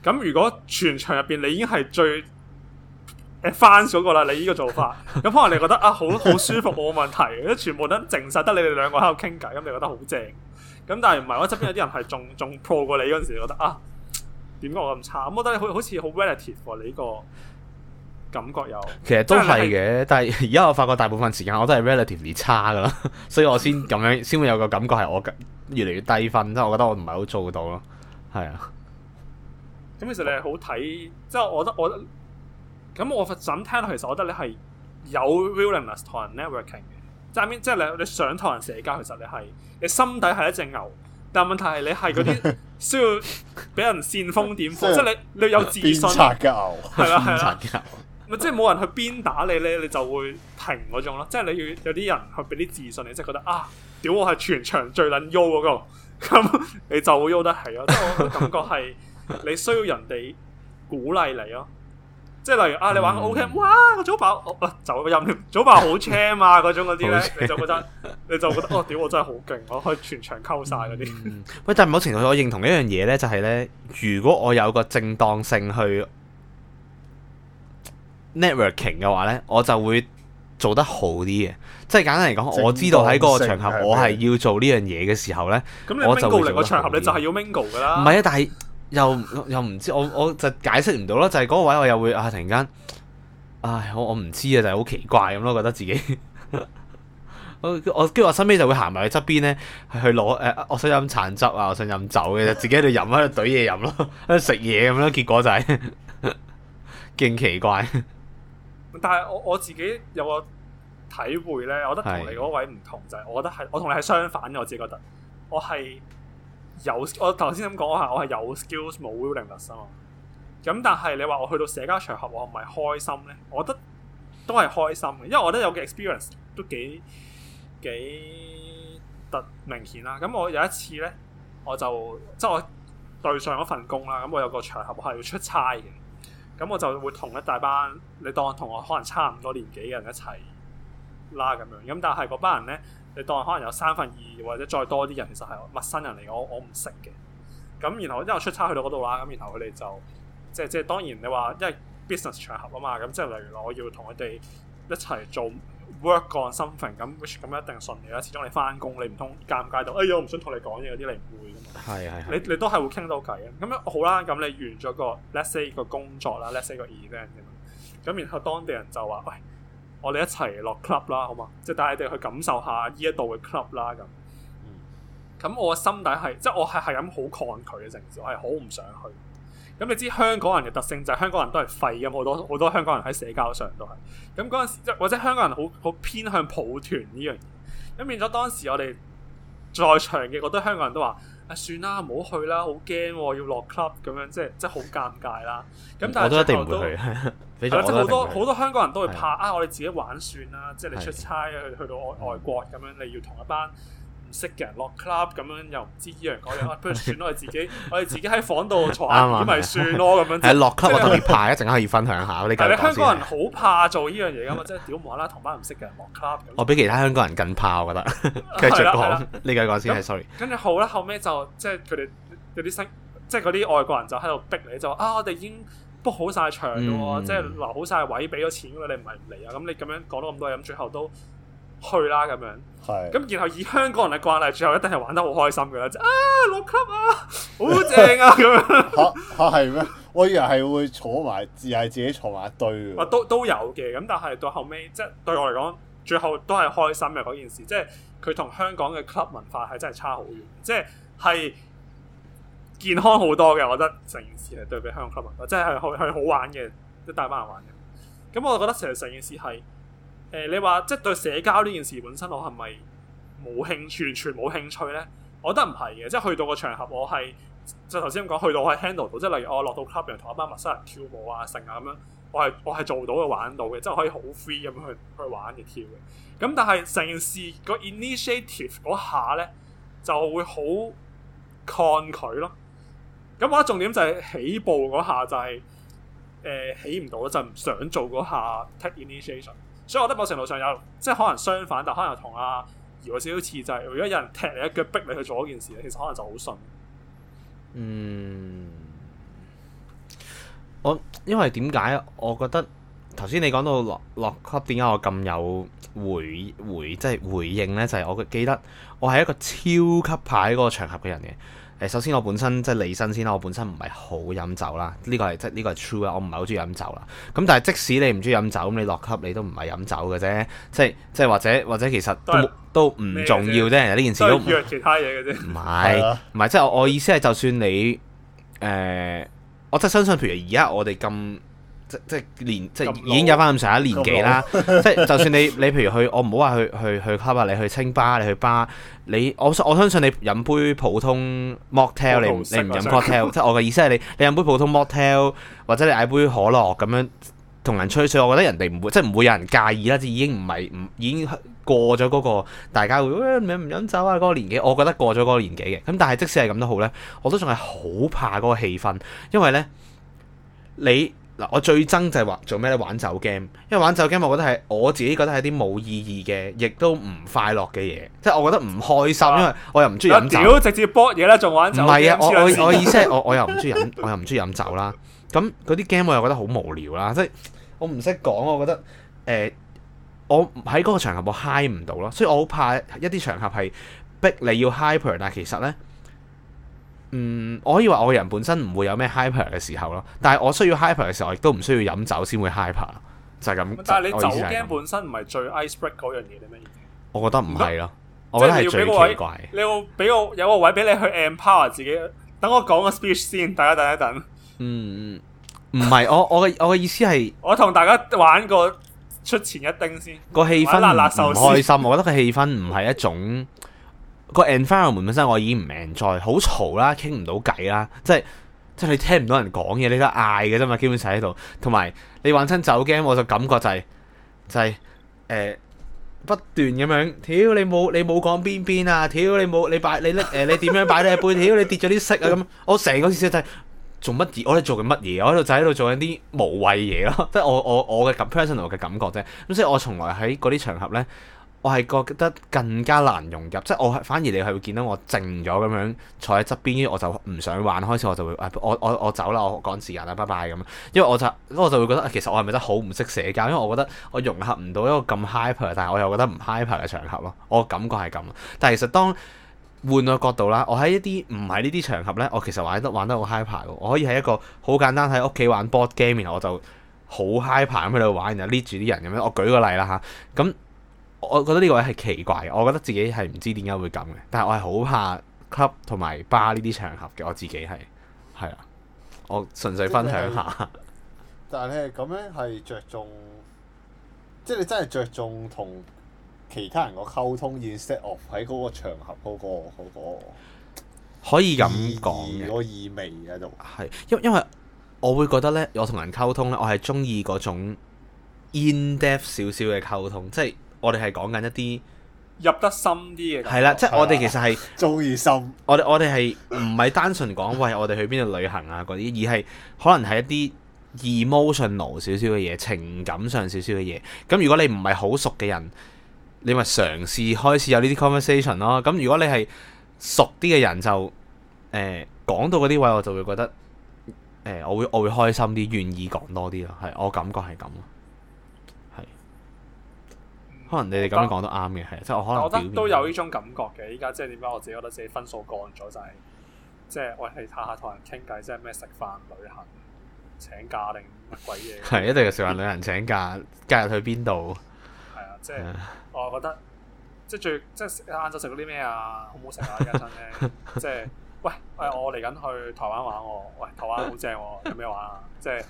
咁如果全場入邊你已經係最。翻咗個啦，你呢個做法咁可能你覺得啊好好舒服冇問題，全部都靜曬，得你哋兩個喺度傾偈，咁你覺得好正。咁但係唔係我側邊有啲人係仲仲 pro 過你嗰陣時，覺得啊點解我咁差？咁覺得好好似好 relative 你呢個感覺又，其實都係嘅。但係而家我發覺大部分時間我都係 relatively 差㗎啦，所以我先咁樣先會有個感覺係我越嚟越低分，即係我覺得我唔係好做到咯。係啊。咁、嗯、其實你係好睇，即、就、係、是、我覺得我。咁我怎聽到，其實我覺得你係有 willingness 同人 networking 嘅，下面即係你你想同人社交，其實你係你心底係一隻牛，但問題係你係嗰啲需要俾人煽風點火，即係你你有自信，係啦係啦，咪即係冇人去鞭打你咧，你就會停嗰種咯。即係你要有啲人去俾啲自信你，即係覺得啊，屌我係全場最撚喐嗰個， (laughs) 咁你就會喐得起咯。即係我覺感覺係你需要人哋鼓勵你咯、啊。即係例如啊，你玩個 O.K. 哇，個組把啊走個音，早爆好 charm 啊嗰種嗰啲咧，你就覺得你就覺得哦，屌我真係好勁，我可以全場溝晒嗰啲。喂， (noise) 嗯、 (laughs) 但某程度上我認同一樣嘢咧，就係、是、咧，如果我有個正當性去 networking 嘅話咧，我就會做得好啲嘅。即、就、係、是、簡單嚟講，我知道喺嗰個場合我係要做呢樣嘢嘅時候咧，你我就會嚟個場合你就係要 mingle 噶啦。唔係啊，但係。又又唔知，我我就解釋唔到咯，就係、是、嗰個位我又會啊突然間，唉，我我唔知啊，就係、是、好奇怪咁咯，我覺得自己， (laughs) 我跟住我身邊就會行埋去側邊咧，去攞誒、呃，我想飲橙汁啊，我想飲酒嘅， (laughs) 就自己喺度飲喺度懟嘢飲咯，喺度食嘢咁咯，結果就係、是，勁 (laughs) 奇怪但。但係我我自己有個體會咧，我覺得同你嗰位唔同，就係我覺得係是我同你係相反嘅，我自己覺得我係。有我頭先咁講下，我係有 skills 冇 willingness 啊。咁但係你話我去到社交場合我唔係開心咧，我覺得都係開心嘅，因為我覺得有個 experience 都幾幾特明顯啦。咁我有一次咧，我就即係我對上一份工啦，咁我有個場合係要出差嘅，咁我就會同一大班你當同我可能差唔多年紀嘅人一齊啦咁樣。咁但係嗰班人咧，你當可能有三分二或者再多啲人，其實係陌生人嚟，我我唔識嘅。咁然後因為出差去到嗰度啦，咁然後佢哋就即係即係當然你話因為 business 場合啊嘛，咁即係例如我要同佢哋一齊做 work on something，咁 which 咁一定順利啦。始終你翻工你唔通尷尬到，哎呀我唔想同你講嘢，嗰啲你唔會㗎嘛。係係係。你你都係會傾到偈呀。咁樣好啦，咁你完咗個 let's say 個工作啦，let's say 個 event 咁，然後當地人就話喂。我哋一齊落 club 啦，好嘛？即帶你哋去感受下呢一度嘅 club 啦，咁、嗯。咁我心底係，即我係係咁好抗拒嘅，城市，我係好唔想去。咁你知香港人嘅特性，就係香港人都係廢咁，好多好多香港人喺社交上都係。咁嗰陣時，即或者香港人好好偏向抱團呢樣嘢。咁變咗當時我哋在場嘅好多香港人都話。啊，算啦，唔好去啦，好驚喎，要落 club 咁樣，即係即係好尷尬啦。咁但係都一定會，即係好多好多香港人都會怕的啊，我哋自己玩算啦。即係你出差去去到外國的去到外國咁樣，你要同一班。識嘅人落 club 咁樣又唔知依樣嗰樣，不、 (laughs) 啊、如算咯。我自己，我哋自己喺房度坐下，咁咪 (laughs) 吧算咯。咁樣係 (laughs) (laughs) 落 club 我特別怕，一陣間可以分享下。 (laughs) (laughs) 你繼續香港人好怕做呢樣嘢噶嘛，即係屌唔玩啦，同班唔識嘅人落 club。我比其他香港人更怕，我覺得。跟住講，呢個講先。係 (laughs) (laughs) (laughs) sorry。跟住好啦，後尾就即係佢哋有啲聲，即係嗰啲外國人就喺度逼你，就啊，我哋已經 book 好晒場嘅喎，即係、嗯、留好晒位，俾咗錢㗎，你唔係唔嚟啊？咁你咁樣講咗咁多嘢，咁最後都。去啦咁樣，係咁的然後以香港人嘅慣例，最後一定係玩得好開心嘅啦，就啊，六級啊，好正啊咁樣。吓吓，係咩？我以為係會坐埋，自係自己坐埋一堆嘅。啊，都都有嘅，咁但係到後尾，即係對我嚟講，最後都係開心嘅嗰件事。即係佢同香港嘅 club 文化係真係差好遠，即係健康好多嘅。我覺得成件事係對比香港 club 文化，即係去去好玩嘅，一大班人玩嘅。咁我覺得成成件事係。誒、呃，你話即係對社交呢件事本身，我係咪冇興趣，完全冇興趣呢？我覺得唔係嘅，即係去到個場合我，我係就頭先咁講，去到我 handle 到，即係例如我落到 club 入同一班陌生人跳舞啊，成啊咁樣，我係我係做到嘅，玩到嘅，即係可以好 free 咁樣去去玩嘅跳嘅。咁但係成件事個 initiative 嗰下呢，就會好抗拒咯。咁我重點就係起步嗰下就係、是、誒、呃、起唔到啦，就唔、是、想做嗰下 take initiative。所以，我覺得某程度上有，即係可能相反，但可能又同阿姚少少似，就係如果有人踢你一腳，逼你去做嗰件事，其實可能就好順。嗯，我因為點解我覺得頭先你講到落落 club，點解我咁有回回，即係回應呢，就係、係、我記得我係一個超級怕喺嗰個場合嘅人嘅。首先我本身即係你身先啦，我本身唔係好飲酒啦，呢、呢個係即係呢個係 true 啦，我唔係好中意飲酒啦。咁但係即使你唔中意飲酒，咁你落級你都唔係飲酒嘅啫，即係即係或者或者其實都都唔是重要啫。呢是件事都唔其他嘢嘅啫。唔係唔係即係我，我意思係就算你誒、呃、我真係相信，譬如而家我哋咁。即即年即已經有翻咁上下年紀啦，麼 (laughs) 即係就算你你譬如去，我唔好話去去去 club, 你去清吧，你去吧，你我我相信你飲杯普通 mocktail 你唔你飲 cocktail，即係我嘅意思係你你飲杯普通 mocktail 或者你嗌杯可樂咁樣同人吹水，我覺得人哋唔會即係唔會有人介意啦，即係已經唔係唔已經過咗嗰、嗰個大家會誒唔飲酒啊嗰個年紀，我覺得過咗嗰個年紀嘅，咁但係即使係咁都好咧，我都仲係好怕嗰個氣氛，因為咧你。嗱，我最憎就係話做咩咧？玩酒 game，因為玩酒 game，我覺得係我自己覺得係啲冇意義嘅，亦都唔快樂嘅嘢，即係我覺得唔開心，因為我又唔中意飲酒，直接播嘢啦，仲玩唔係啊！我我， (laughs) 我意思係我我又唔中意飲，我又唔中意飲酒啦。咁嗰啲 game 我又覺得好無聊啦，即係我唔識講，我覺得誒、呃，我喺嗰個場合我 high 唔到咯，所以我好怕一啲場合係逼你要 high p l 但係其實呢。嗯，我可以話我個人本身唔會有咩 hyper 嘅時候咯，但係我需要 hyper 嘅時候，我亦都唔需要飲酒先會 hyper，就係咁。但係你酒精本身唔係最 ice break 嗰樣嘢。你咩意思？我覺得唔係咯，論我覺得係最奇怪。你要俾我有個位俾你去 empower 自己，等我講個 speech 先，大家等一等。嗯，唔係我我嘅我嘅意思係， (laughs) 我同大家玩個出前一丁先，個氣氣氛唔開心，我覺得個氣氛唔係一種。 (laughs) 個 environment 本身我已經唔 enjoy，好嘈啦，傾唔到計啦，即係即係你聽唔到人講嘢，你都嗌嘅啫嘛，基本上喺度。同埋你玩親酒 game，我就感覺就係就係誒不斷咁樣，屌你冇你冇講邊邊啊，屌你冇你擺你拎誒你點樣擺你嘅杯，屌你跌咗啲色啊咁。我成個意思就係做乜嘢？我哋做緊乜嘢？我喺度就喺度做緊啲無謂嘢咯，即係我我我嘅 personal 嘅感覺啫。咁所以，我從來喺嗰啲場合咧。我係覺得更加難融入，即係我反而你係會見到我靜咗咁樣坐喺側邊，我就唔想玩，開始我就會我我,我走啦，我趕時間啦，拜拜咁。因為我就我就會覺得，其實我係咪得好唔識社交？因為我覺得我融合唔到一個咁 hyper，但係我又覺得唔 hyper 嘅場合咯。我感覺係咁。但係其實當換個角度啦，我喺一啲唔係呢啲場合呢，我其實玩得玩得好 hyper 我可以喺一個好簡單喺屋企玩 board game，然後我就好 hyper 咁喺度玩，然後 lead 住啲人咁樣。我舉個例啦嚇，咁、啊。嗯我覺得呢個位係奇怪，我覺得自己係唔知點解會咁嘅。但係我係好怕 club 同埋 bar 呢啲場合嘅，我自己係係啊。我純粹分享下。但係你係咁樣係着重，即係你真係着重同其他人個溝通，instead of 喺嗰個場合嗰個嗰個。嗰個、可以咁講嘅意味喺度，係因為因為我會覺得呢，我同人溝通呢，我係中意嗰種 in depth 少少嘅溝通，即係。我哋係講緊一啲入得深啲嘅，係啦了，即係我哋其實係中意深我。我哋我哋係唔係單純講喂，我哋去邊度旅行啊嗰啲，而係可能係一啲 emotional 少少嘅嘢，情感上少少嘅嘢。咁如果你唔係好熟嘅人，你咪嘗試開始有呢啲 conversation 咯。咁如果你係熟啲嘅人就，就、呃、誒講到嗰啲位，我就會覺得誒、呃，我會我會開心啲，願意講多啲咯。係，我感覺係咁咯。可能你哋咁樣講都啱嘅，係即係我可能都有呢種感覺嘅。依家即係點解我自己覺得自己分數降咗，就係即係喂，去下下同人傾偈，即係咩食飯、旅行、請假定乜鬼嘢？係一定係食飯、旅行、請假，假日去邊度？係啊，即係我覺得即係最即係晏晝食嗰啲咩啊？好唔好食啊？依家真係即係喂，誒，我嚟緊去台灣玩，我喂台灣好正，有咩玩啊？即係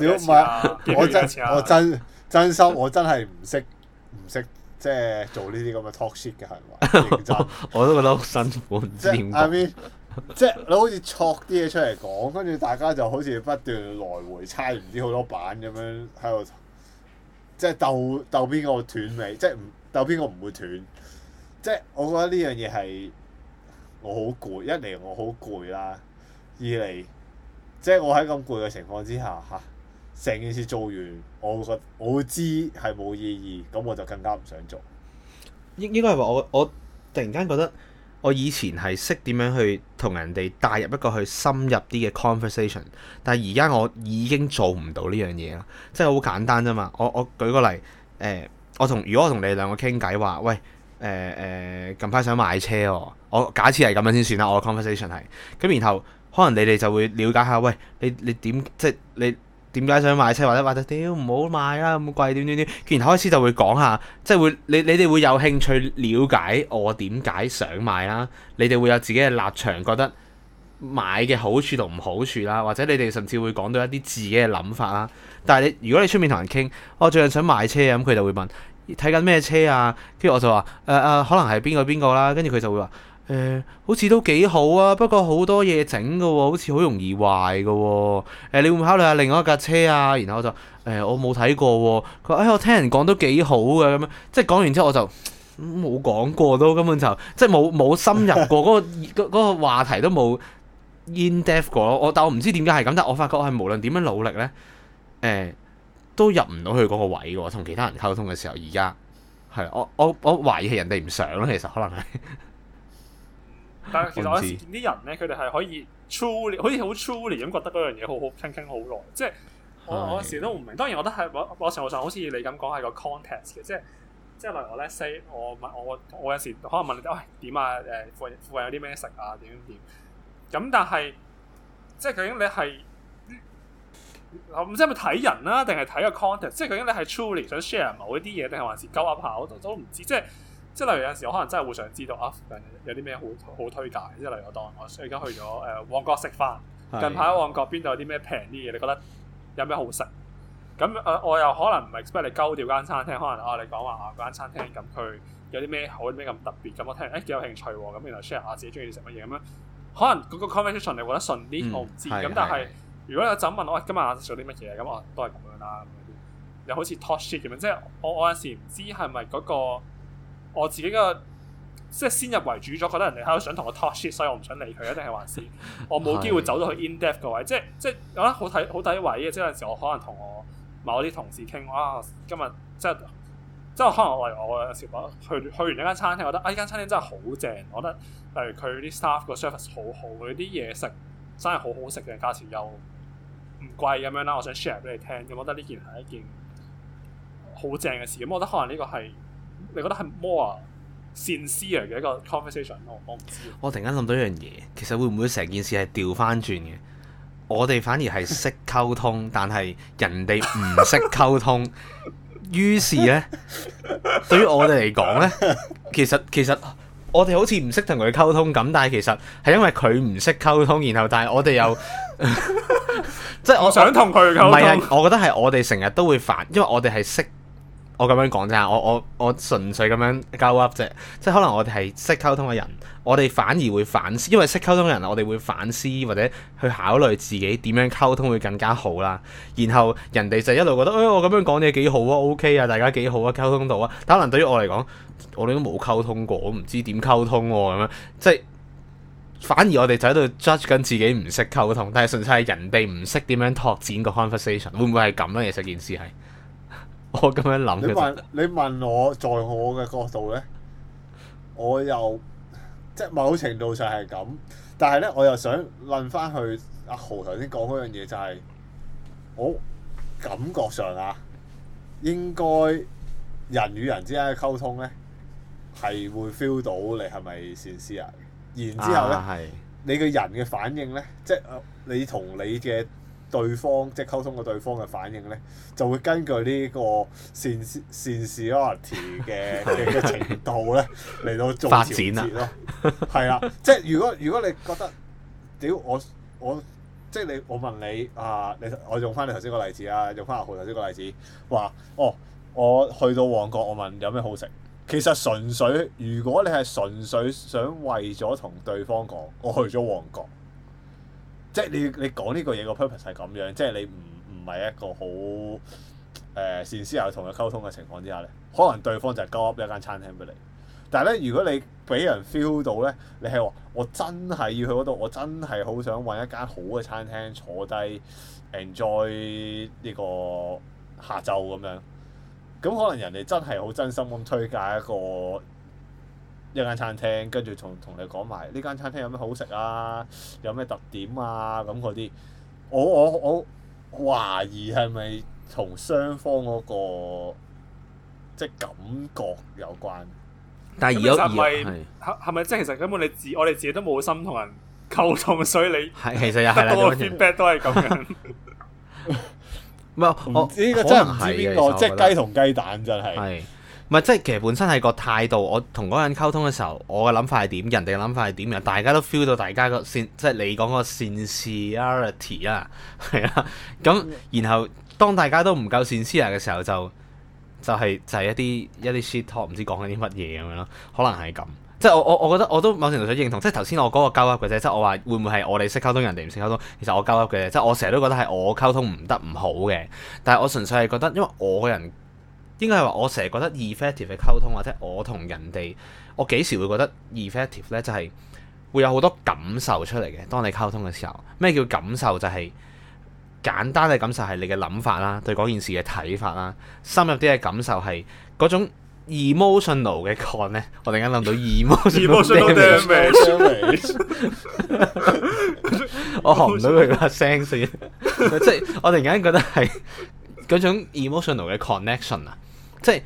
如果唔係？我真我真真心，我真係唔識。唔識即係做呢啲咁嘅 talk shit 嘅行為 (laughs) 我，我都覺得好辛苦，唔知點講。即係 I mean 即係你好似 talk 啲嘢出嚟講，跟住大家就好似不斷來回猜，唔知好多版咁樣喺度，即係鬥鬥邊個斷尾，即係唔鬥邊個唔會斷。即係我覺得呢樣嘢係我好攰，一嚟我好攰啦，二嚟即係我喺咁攰嘅情況之下嚇。成件事做完，我會覺得我會知係冇意義，咁我就更加唔想做。應應該係話我，我突然間覺得我以前係識點樣去同人哋帶入一個去深入啲嘅 conversation，但係而家我已經做唔到呢樣嘢啦。即係好簡單啫嘛。我我舉個例，誒、呃，我同如果我同你兩個傾偈話，喂，誒、呃、誒、呃，近排想買車喎，我假設係咁樣先算啦。我嘅 conversation 係咁，然後可能你哋就會了解下，喂，你你點即係你？點解想買車，或者話就屌唔好買啦咁貴，點點點。佢然後開始就會講下，即係會你你哋會有興趣了解我點解想買啦。你哋會有自己嘅立場，覺得買嘅好處同唔好處啦，或者你哋甚至會講到一啲自己嘅諗法啦。但係你如果你出面同人傾，我、哦、最近想買車啊，咁、嗯、佢就會問睇緊咩車啊。跟住我就話誒誒，可能係邊個邊個啦。跟住佢就會話。誒、呃，好似都幾好啊，不過好多嘢整嘅喎，好似好容易壞嘅喎。誒、呃，你會唔會考慮下另外一架車啊？然後我就誒、呃，我冇睇過喎、啊。佢話誒、哎，我聽人講都幾好嘅、啊，咁樣即係講完之後我就冇講過都根本就即係冇冇深入過嗰、那個嗰、那個話題都冇 in depth 過咯。我但我唔知點解係咁，但我發覺我係無論點樣努力呢，誒、呃，都入唔到去嗰個位嘅。同其他人溝通嘅時候，而家係我我我，我懷疑係人哋唔想咯，其實可能係。 (laughs) 但係其實我有時見啲人咧，佢哋係可以 truly，好似好 truly 咁覺得嗰樣嘢好好，傾傾好耐。即係我我有時都唔明。當然我我，我覺得係某程度上，好似你咁講係個 context 嘅，即係即係例如 say, 我 let's say 我問我我有時可能問你，喂、哎、點啊？誒附近附近有啲咩食啊？點點點咁，但係即係究竟你係唔知係咪睇人啦、啊，定係睇個 context？即係究竟你係 truly 想 share 某一啲嘢，定係還是鳩噏下？我都都唔知。即係。即係例如有時我可能真係會想知道啊，有啲咩好好推介？即係例如我當我而家去咗誒、呃、旺角食飯，是近排旺角邊度有啲咩平啲嘢？你覺得有咩好食？咁誒、呃、我又可能唔係 expect 你溝調間餐廳，可能啊，你講話嗰間餐廳咁佢有啲咩好啲咩咁特別咁，我聽誒幾、欸、有興趣咁，然後 share 下自己中意食乜嘢咁樣。可能嗰個 conversation 你覺得順啲，嗯、我唔知。咁但係如果有就咁問我、哎，今日晏食咗啲乜嘢？咁我都係咁樣啦。又好似 talk shit 咁樣，即係我我有時唔知係咪嗰個。我自己嘅即係先入為主咗，覺得人哋喺度想同我 talk shit，所以我唔想理佢，一定係還是我冇機會走咗去 in depth 個位 (laughs) 即。即係即係，我覺得好睇好睇位嘅。即係有陣時，我可能同我某啲同事傾，哇、啊，今日即係即係，可能我我有時我去去完一間餐廳，覺得哎，啊、間餐廳真係好正，我覺得例如佢啲 staff 個 service 好好，佢啲嘢食真係好好食嘅，價錢又唔貴咁樣啦。我想 share 俾你聽，咁我覺得呢件係一件好正嘅事。咁我覺得可能呢個係。你覺得係 more sincere 嘅一個 conversation 咯？我，我唔知。我突然間諗到一樣嘢，其實會唔會成件事係調翻轉嘅？我哋反而係識溝通，但係人哋唔識溝通。於是咧，對於我哋嚟講咧，其實其實我哋好似唔識同佢溝通咁，但係其實係因為佢唔識溝通，然後但係我哋又即係我想同佢溝通。唔係啊？我覺得係我哋成日都會煩，因為我哋係識。我咁樣講啫，我我我純粹咁樣交流啫，即係可能我哋係識溝通嘅人，我哋反而會反思，因為識溝通嘅人，我哋會反思或者去考慮自己點樣溝通會更加好啦。然後人哋就一路覺得，誒、哎、我咁樣講嘢幾好啊，OK 啊，大家幾好啊，溝通到啊。但可能對於我嚟講，我哋都冇溝通過，我唔知點溝通喎、啊，咁樣即係反而我哋就喺度 judge 緊自己唔識溝通，但係純粹係人哋唔識點樣拓展個 conversation，會唔會係咁樣？其實件事係。我咁樣諗，就是。你問你問我，在我嘅角度咧，我又即係某程度上係咁，但係咧，我又想論翻去阿豪頭先講嗰樣嘢，就係我感覺上啊，應該人與人之間嘅溝通咧，係會 feel 到你係咪善思啊？然之後咧，啊、你嘅人嘅反應咧，即係你同你嘅。對方即係溝通過對方嘅反應咧，就會根據呢個善善事 quality 嘅程度咧嚟到做調節咯。係啦展、啊， (laughs) 即係如果如果你覺得屌我我即係你，我問你啊，你我用翻你頭先個例子啊，用翻阿豪頭先個例子話哦，我去到旺角，我問有咩好食。其實純粹如果你係純粹想為咗同對方講，我去咗旺角。即係你你講呢個嘢個 purpose 係咁樣，即係你唔唔係一個好誒、呃、善思又同佢溝通嘅情況之下咧，可能對方就交咗一間餐廳俾你。但係咧，如果你俾人 feel 到咧，你係話我真係要去嗰度，我真係好想揾一間好嘅餐廳坐低 enjoy 呢個下晝咁樣。咁可能人哋真係好真心咁推介一個。一間餐廳，跟住同同你講埋呢間餐廳有咩好食啊，有咩特點啊，咁嗰啲，我我我懷疑係咪同雙方嗰個即係感覺有關？但係而有係係咪即係其實根本你自我哋自己都冇心同人溝通，所以你係其實又係得到 feedback 都係咁樣。唔係我呢個真係唔知邊個，即係雞同雞蛋真係。唔係，即係其實本身係個態度。我同嗰個人溝通嘅時候，我嘅諗法係點，人哋嘅諗法係點樣，大家都 feel 到大家個善，即係你講個善事啊，係 (laughs) 啦。咁然後當大家都唔夠善心嘅時候，就就係、是、就係、是、一啲一啲 shit t 唔知講緊啲乜嘢咁樣咯。可能係咁。即係我我我覺得我都某程度上認同。即係頭先我講個交鬨嘅啫。即係我話會唔會係我哋識溝通，人哋唔識溝通。其實我交鬨嘅啫。即係我成日都覺得係我溝通唔得唔好嘅。但係我純粹係覺得，因為我個人。應該係話我成日覺得 effective 嘅溝通，或者我同人哋，我幾時會覺得 effective 咧？就係、是、會有好多感受出嚟嘅。當你溝通嘅時候，咩叫感受？就係、是、簡單嘅感受係你嘅諗法啦，對嗰件事嘅睇法啦。深入啲嘅感受係嗰種 emotional 嘅 con 我突然間諗到 emotional 嘅咩？我學唔到佢嘅聲先。即係我突然間覺得係嗰種 emotional 嘅 connection 啊！即係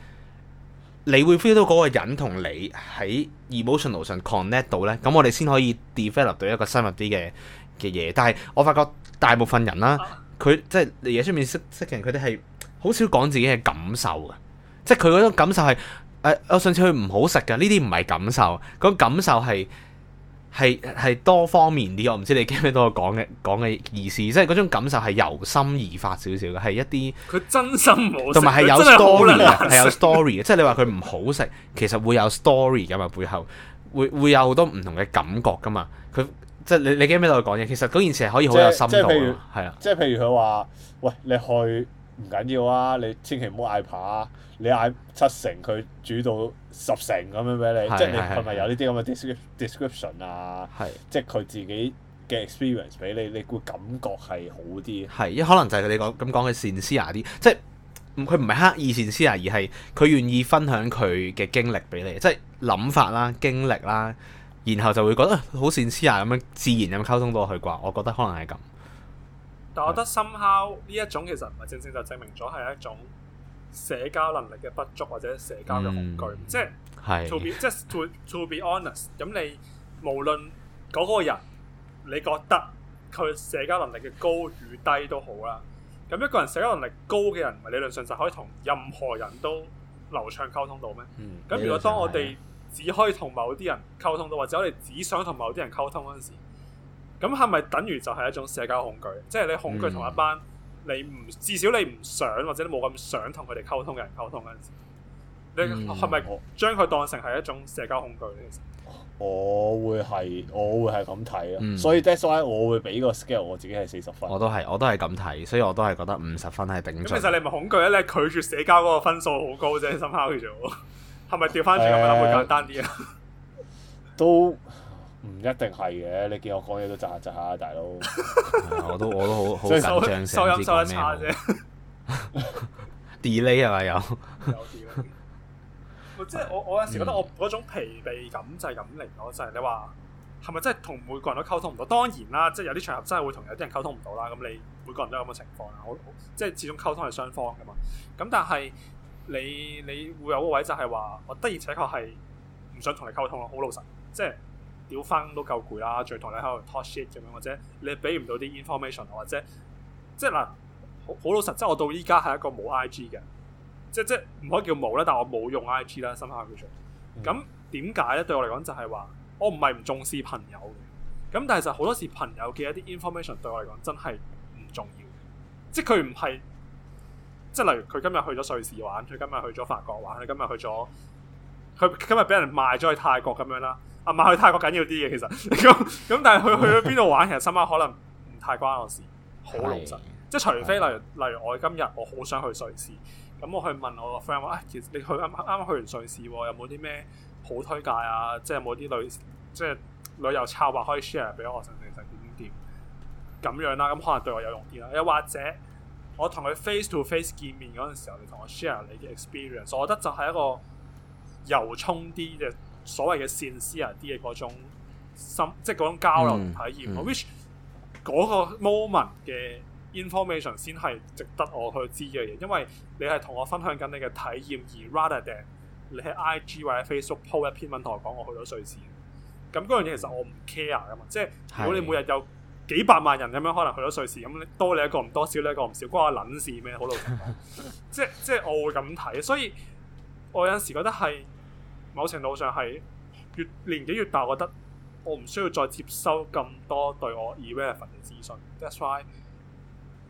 你會 feel 到嗰個人同你喺 emotional 上 connect 到咧，咁我哋先可以 develop 到一個深入啲嘅嘅嘢。但係我發覺大部分人啦、啊，佢即係你喺出面識識嘅人，佢哋係好少講自己嘅感受嘅。即係佢嗰種感受係誒、啊，我上次去唔好食㗎，呢啲唔係感受，個感受係。係係多方面啲，我唔知你記唔記到我講嘅講嘅意思，即係嗰種感受係由心而發少少嘅，係一啲佢真心冇同埋係有 story 嘅，係有 story 嘅，即係你話佢唔好食，其實會有 story 噶嘛，背後會會有好多唔同嘅感覺噶嘛，佢即係你你記唔到我講嘢？其實嗰件事係可以好有深度啊，係啊，即係譬如佢話喂，你去。唔緊要啊！你千祈唔好嗌扒，你嗌七成，佢煮到十成咁樣俾你， (music) 即係你係咪有呢啲咁嘅 description 啊？係，即係佢自己嘅 experience 俾你，你會感覺係好啲。係，因為 (music) 可能就係你講咁講嘅 sincere 啲，即係佢唔係刻意 sincere，而係佢願意分享佢嘅經歷俾你，即係諗法啦、經歷啦，然後就會覺得好 sincere 咁樣，自然咁溝通到佢啩。我覺得可能係咁。但我覺得 somehow 呢一種其實唔係正正就證明咗係一種社交能力嘅不足或者社交嘅恐懼，即係 to be 即係 to to be honest。咁你無論嗰個人你覺得佢社交能力嘅高與低都好啦。咁一個人社交能力高嘅人，唔係理論上就可以同任何人都流暢溝通到咩？咁、嗯、如果當我哋只可以同某啲人、嗯、人溝通到，或者我哋只想同某啲人溝通嗰陣時，咁係咪等於就係一種社交恐懼？即係你恐懼同一班、嗯、你唔至少你唔想或者你冇咁想同佢哋溝通嘅人溝通嗰陣時，嗯、你係咪將佢當成係一種社交恐懼咧？我會係我會係咁睇啊，嗯、所以 that's why 我會俾個 scale 我自己係四十分我。我都係我都係咁睇，所以我都係覺得五十分係頂。咁其實你唔係恐懼啊，你係拒絕社交嗰個分數好高啫，深叫做，係咪調翻轉咪會簡單啲啊？ (laughs) 都。唔一定係嘅，你見我講嘢都窒下窒下，大佬， (laughs) 我都我都好好緊張成，唔知差啫。Delay 係咪有？有 d 即係我我有時覺得我嗰種疲憊感就係咁嚟咯，就係你話係咪真係同每個人都溝通唔到？當然啦，即係有啲場合真係會同有啲人溝通唔到啦。咁你每個人都有咁嘅情況啦，好即係始終溝通係雙方㗎嘛。咁但係你你會有個位就係話我的而且確係唔想同你溝通咯，好老實，即係。屌翻都夠攰啦，再同你喺度 talk shit 咁樣或者你俾唔到啲 information，或者即係嗱，好、啊、好老實，即係我到依家係一個冇 IG 嘅，即即唔可以叫冇咧，但係我冇用 IG 啦，深刻叫做。咁點解咧？對我嚟講就係話，我唔係唔重視朋友嘅。咁但係就好多時朋友嘅一啲 information 對我嚟講真係唔重要嘅，即係佢唔係，即係例如佢今日去咗瑞士玩，佢今日去咗法國玩，佢今日去咗，佢今日俾人賣咗去泰國咁樣啦。阿 m 去泰國緊要啲嘅，其實咁咁，但係去去咗邊度玩，其實心諗可能唔太關我事。好老實，的即係除非例如的例如我今日我好想去瑞士，咁我去問我個 friend 話，其實你去啱啱去完瑞士，有冇啲咩好推介啊？即係冇啲旅即係旅遊策劃可以 share 俾我，實實點點咁樣啦。咁可能對我有用啲啦。又或者我同佢 face to face 見面嗰陣時候，你同我 share 你嘅 experience，我覺得就係一個由衷啲嘅。所謂嘅善思啊啲嘅嗰種心，即係嗰種交流體驗、嗯嗯，which 嗰個 moment 嘅 information 先係值得我去知嘅嘢，因為你係同我分享緊你嘅體驗，而 rather than 你喺 IG 或者 Facebook post 一篇文同我講我去咗瑞士，咁嗰樣嘢其實我唔 care 噶嘛，即係如果你每日有幾百萬人咁樣可能去咗瑞士，咁多你一個唔多，少你一個唔少，關我撚事咩？好老實講， (laughs) 即係即係我會咁睇，所以我有陣時覺得係。某程度上係越年紀越大，我覺得我唔需要再接收咁多對我 irrelevant 嘅資訊。That's why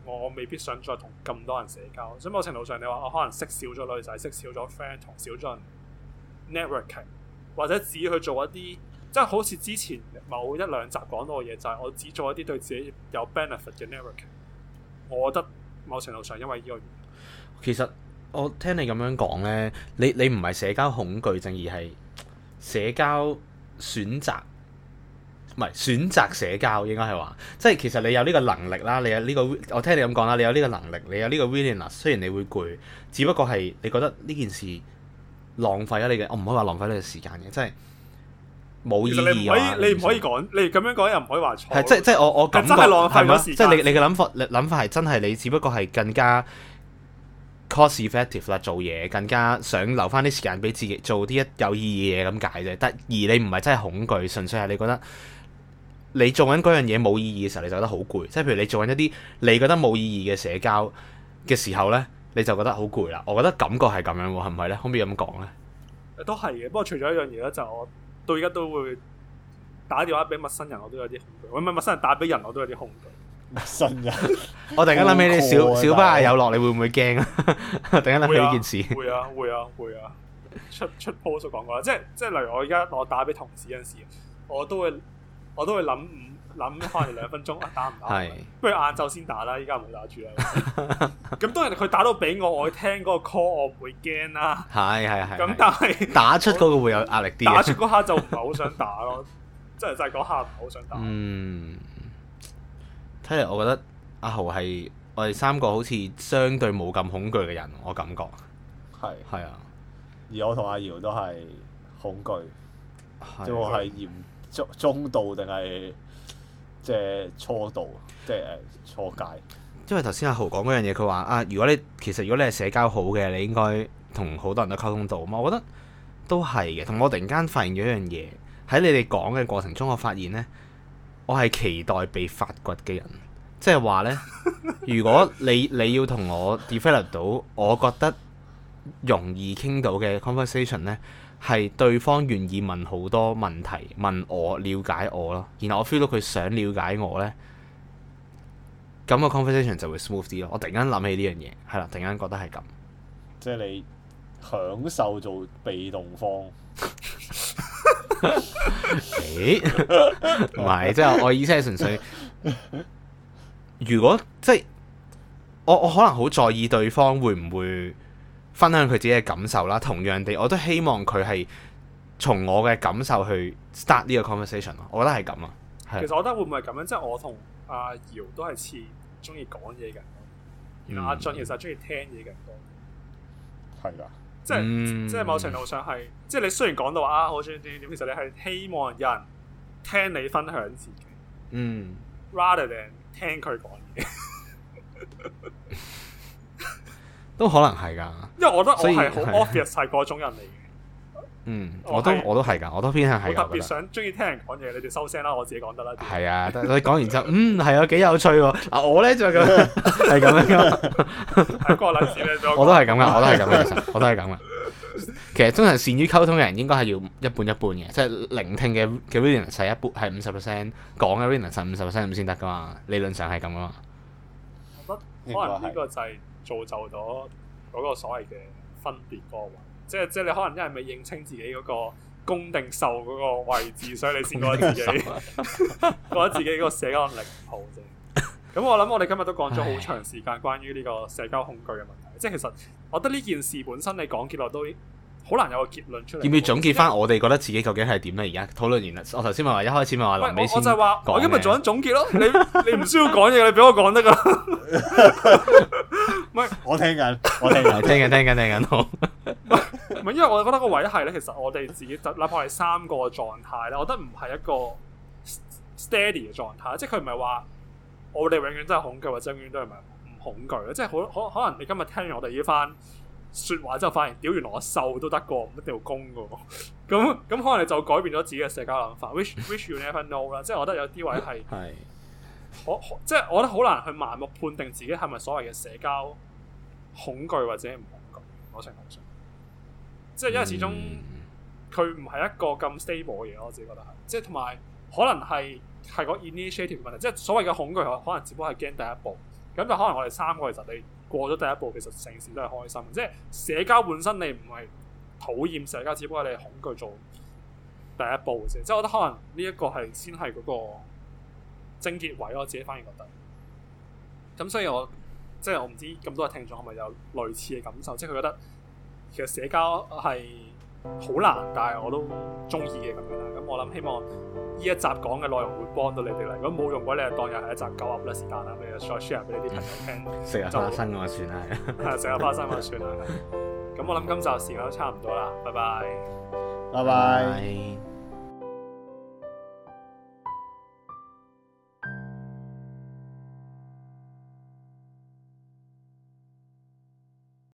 我未必想再同咁多人社交。所以某程度上你，你話我可能識少咗女仔，識少咗 friend，同少咗人 networking，或者只去做一啲即係好似之前某一兩集講到嘅嘢，就係、是、我只做一啲對自己有 benefit 嘅 networking。我覺得某程度上，因為呢個原因，其實。我聽你咁樣講呢，你你唔係社交恐懼症，而係社交選擇，唔係選擇社交應該係話，即係其實你有呢個能力啦，你有呢個，我聽你咁講啦，你有呢個能力，你有呢個 willingness，g n 雖然你會攰，只不過係你覺得呢件事浪費咗你嘅，我唔可以話浪費你嘅時間嘅，即係冇意義。你唔可以講，你咁樣講又唔可以話錯。係即係即係我我感覺係嘛，即係你你嘅諗法，諗法係真係你，只不過係更加。cost-effective 啦，做嘢更加想留翻啲時間俾自己做啲一有意義嘅嘢咁解啫。得，而你唔係真係恐懼，純粹係你覺得你做緊嗰樣嘢冇意義嘅時候，你就覺得好攰。即係譬如你做緊一啲你覺得冇意義嘅社交嘅時候呢，你就覺得好攰啦。我覺得感覺係咁樣喎，係唔係咧？可唔可以咁講呢？都係嘅，不過除咗一樣嘢咧，就係、我到而家都會打電話俾陌生人，我都有啲恐懼。唔係陌生人打俾人，我都有啲恐懼。新人， (laughs) 我突然間諗起你小的小巴、啊、有落，你會唔會驚啊？ (laughs) 突然間諗起呢件事，會啊會啊會啊，出出 post 講過啦，即係即係例如我而家我打俾同事嗰陣時，我都會我都會諗諗，可能兩分鐘 (laughs) 打唔打，打，打，是不如晏晝先打啦，依家唔會打住啦。咁 (laughs) 當然佢打到俾我，我聽嗰個 call，我唔會驚啦、啊。係係係，咁但係打出嗰個會有壓力啲，打出嗰刻就唔係好想打咯，即係 (laughs) 真係嗰刻唔係好想打。嗯。睇嚟，我覺得阿豪係我哋三個好似相對冇咁恐懼嘅人，我感覺。係是。係啊。而我同阿瑤都係恐懼，就係嚴重中度定係即係初度，即係初階。初界因為頭先阿豪講嗰樣嘢，佢話啊，如果你其實如果你係社交好嘅，你應該同好多人都溝通到嘛。我覺得都係嘅。同我突然間發現咗一樣嘢，喺你哋講嘅過程中，我發現咧。我係期待被發掘嘅人，即係話呢，如果你你要同我 develop 到，我覺得容易傾到嘅 conversation 呢，係對方願意問好多問題，問我了解我咯，然後我 feel 到佢想了解我呢，咁個 conversation 就會 smooth 啲咯。我突然間諗起呢樣嘢，係啦，突然間覺得係咁，即係你享受做被動方。誒，唔係，即係我意思係純粹，如果即係我我可能好在意對方會唔會分享佢自己嘅感受啦，同樣地，我都希望佢係從我嘅感受去 start 呢個 conversation 咯，我覺得係咁啊。其實我覺得會唔會咁樣，即係我同阿姚都係似中意講嘢嘅，阿俊其實中意聽嘢嘅多，係啦、嗯。即係即係某程度上係，即係你雖然講到啊好中意點點，其實你係希望有人聽你分享自己，嗯，rather than 聽佢講嘢， (laughs) 都可能係噶。 (laughs) 因為我覺得我係好 obvious 係嗰種人嚟嘅。 (laughs) 嗯，我都我都係噶，我都偏向係。我特別想中意聽人講嘢，你哋收聲啦，我自己講得啦。係啊，但係你講完之後，嗯，係啊，幾有趣喎。嗱，我咧就咁，係咁樣。係咁樣㗎，我都係咁噶，我都係咁噶，其實我都係咁噶。其實通常善於溝通嘅人，應該係要一半一半嘅，即係聆聽嘅嘅 vulnerability 係五十 percent，講嘅 vulnerability 係五十 percent，咁先得噶嘛。理論上係咁噶嘛。我覺得可能呢個就係造就咗嗰個所謂嘅分別嗰個即係即係，你可能一係未認清自己嗰個攻定受嗰個位置，所以你先覺得自己覺得 (laughs) 自己個社交能力唔好啫。咁我諗我哋今日都講咗好長時間關於呢個社交恐懼嘅問題，即係其實我覺得呢件事本身你講結落都好難有個結論出嚟。要唔要總結翻我哋覺得自己究竟係點咧？而家討論完啦，我頭先咪話一開始咪話林美仙，是我就話我，我今日做緊總結咯。 (laughs) 你你唔需要講嘢，你俾我講得㗎。唔 (laughs) 係是我聽緊，我聽緊， (laughs) (laughs) 聽緊，聽緊，聽緊，好。唔係， (laughs) 因為我覺得個位係咧，其實我哋自己特，哪怕係三個狀態咧，我覺得唔係一個 steady 嘅狀態，即係佢唔係話我哋永遠真係恐懼，或者永遠都係唔恐懼咯。即係可可可能你今日聽完我哋呢番說話之後，發現屌，原來我瘦都得過，唔一定要攻噶。咁 (laughs) 咁、嗯嗯、可能你就改變咗自己嘅社交諗法 (laughs) ，which which you never know 啦。即係我覺得有啲位係係可即係，我覺得好難去盲目判定自己係咪所謂嘅社交恐懼或者唔恐懼。我相即係因為始終佢唔係一個咁 stable 嘅嘢咯，我自己覺得係，即係同埋可能係係個 initiative 問題，即係所謂嘅恐懼，可能只不過係驚第一步，咁就可能我哋三個其實你過咗第一步，其實成件事都係開心嘅，即係社交本身你唔係討厭社交，只不過係你係恐懼做第一步嘅啫，即係我覺得可能呢一個係先係嗰個症結位咯，我自己反而覺得。咁所以我即係我唔知咁多嘅聽眾係咪有類似嘅感受，即係佢覺得。其實社交係好難，但係我都中意嘅咁樣啦。咁我諗希望呢一集講嘅內容會幫到你哋啦。如果冇用嘅話你就當又係一集交流嘅時間啦，咁你就再 share 俾啲朋友聽。成日、嗯、發生嘅算係。係啊就，成日、嗯、發生嘅算啊。咁我諗今集時間都差唔多啦，拜拜，拜拜。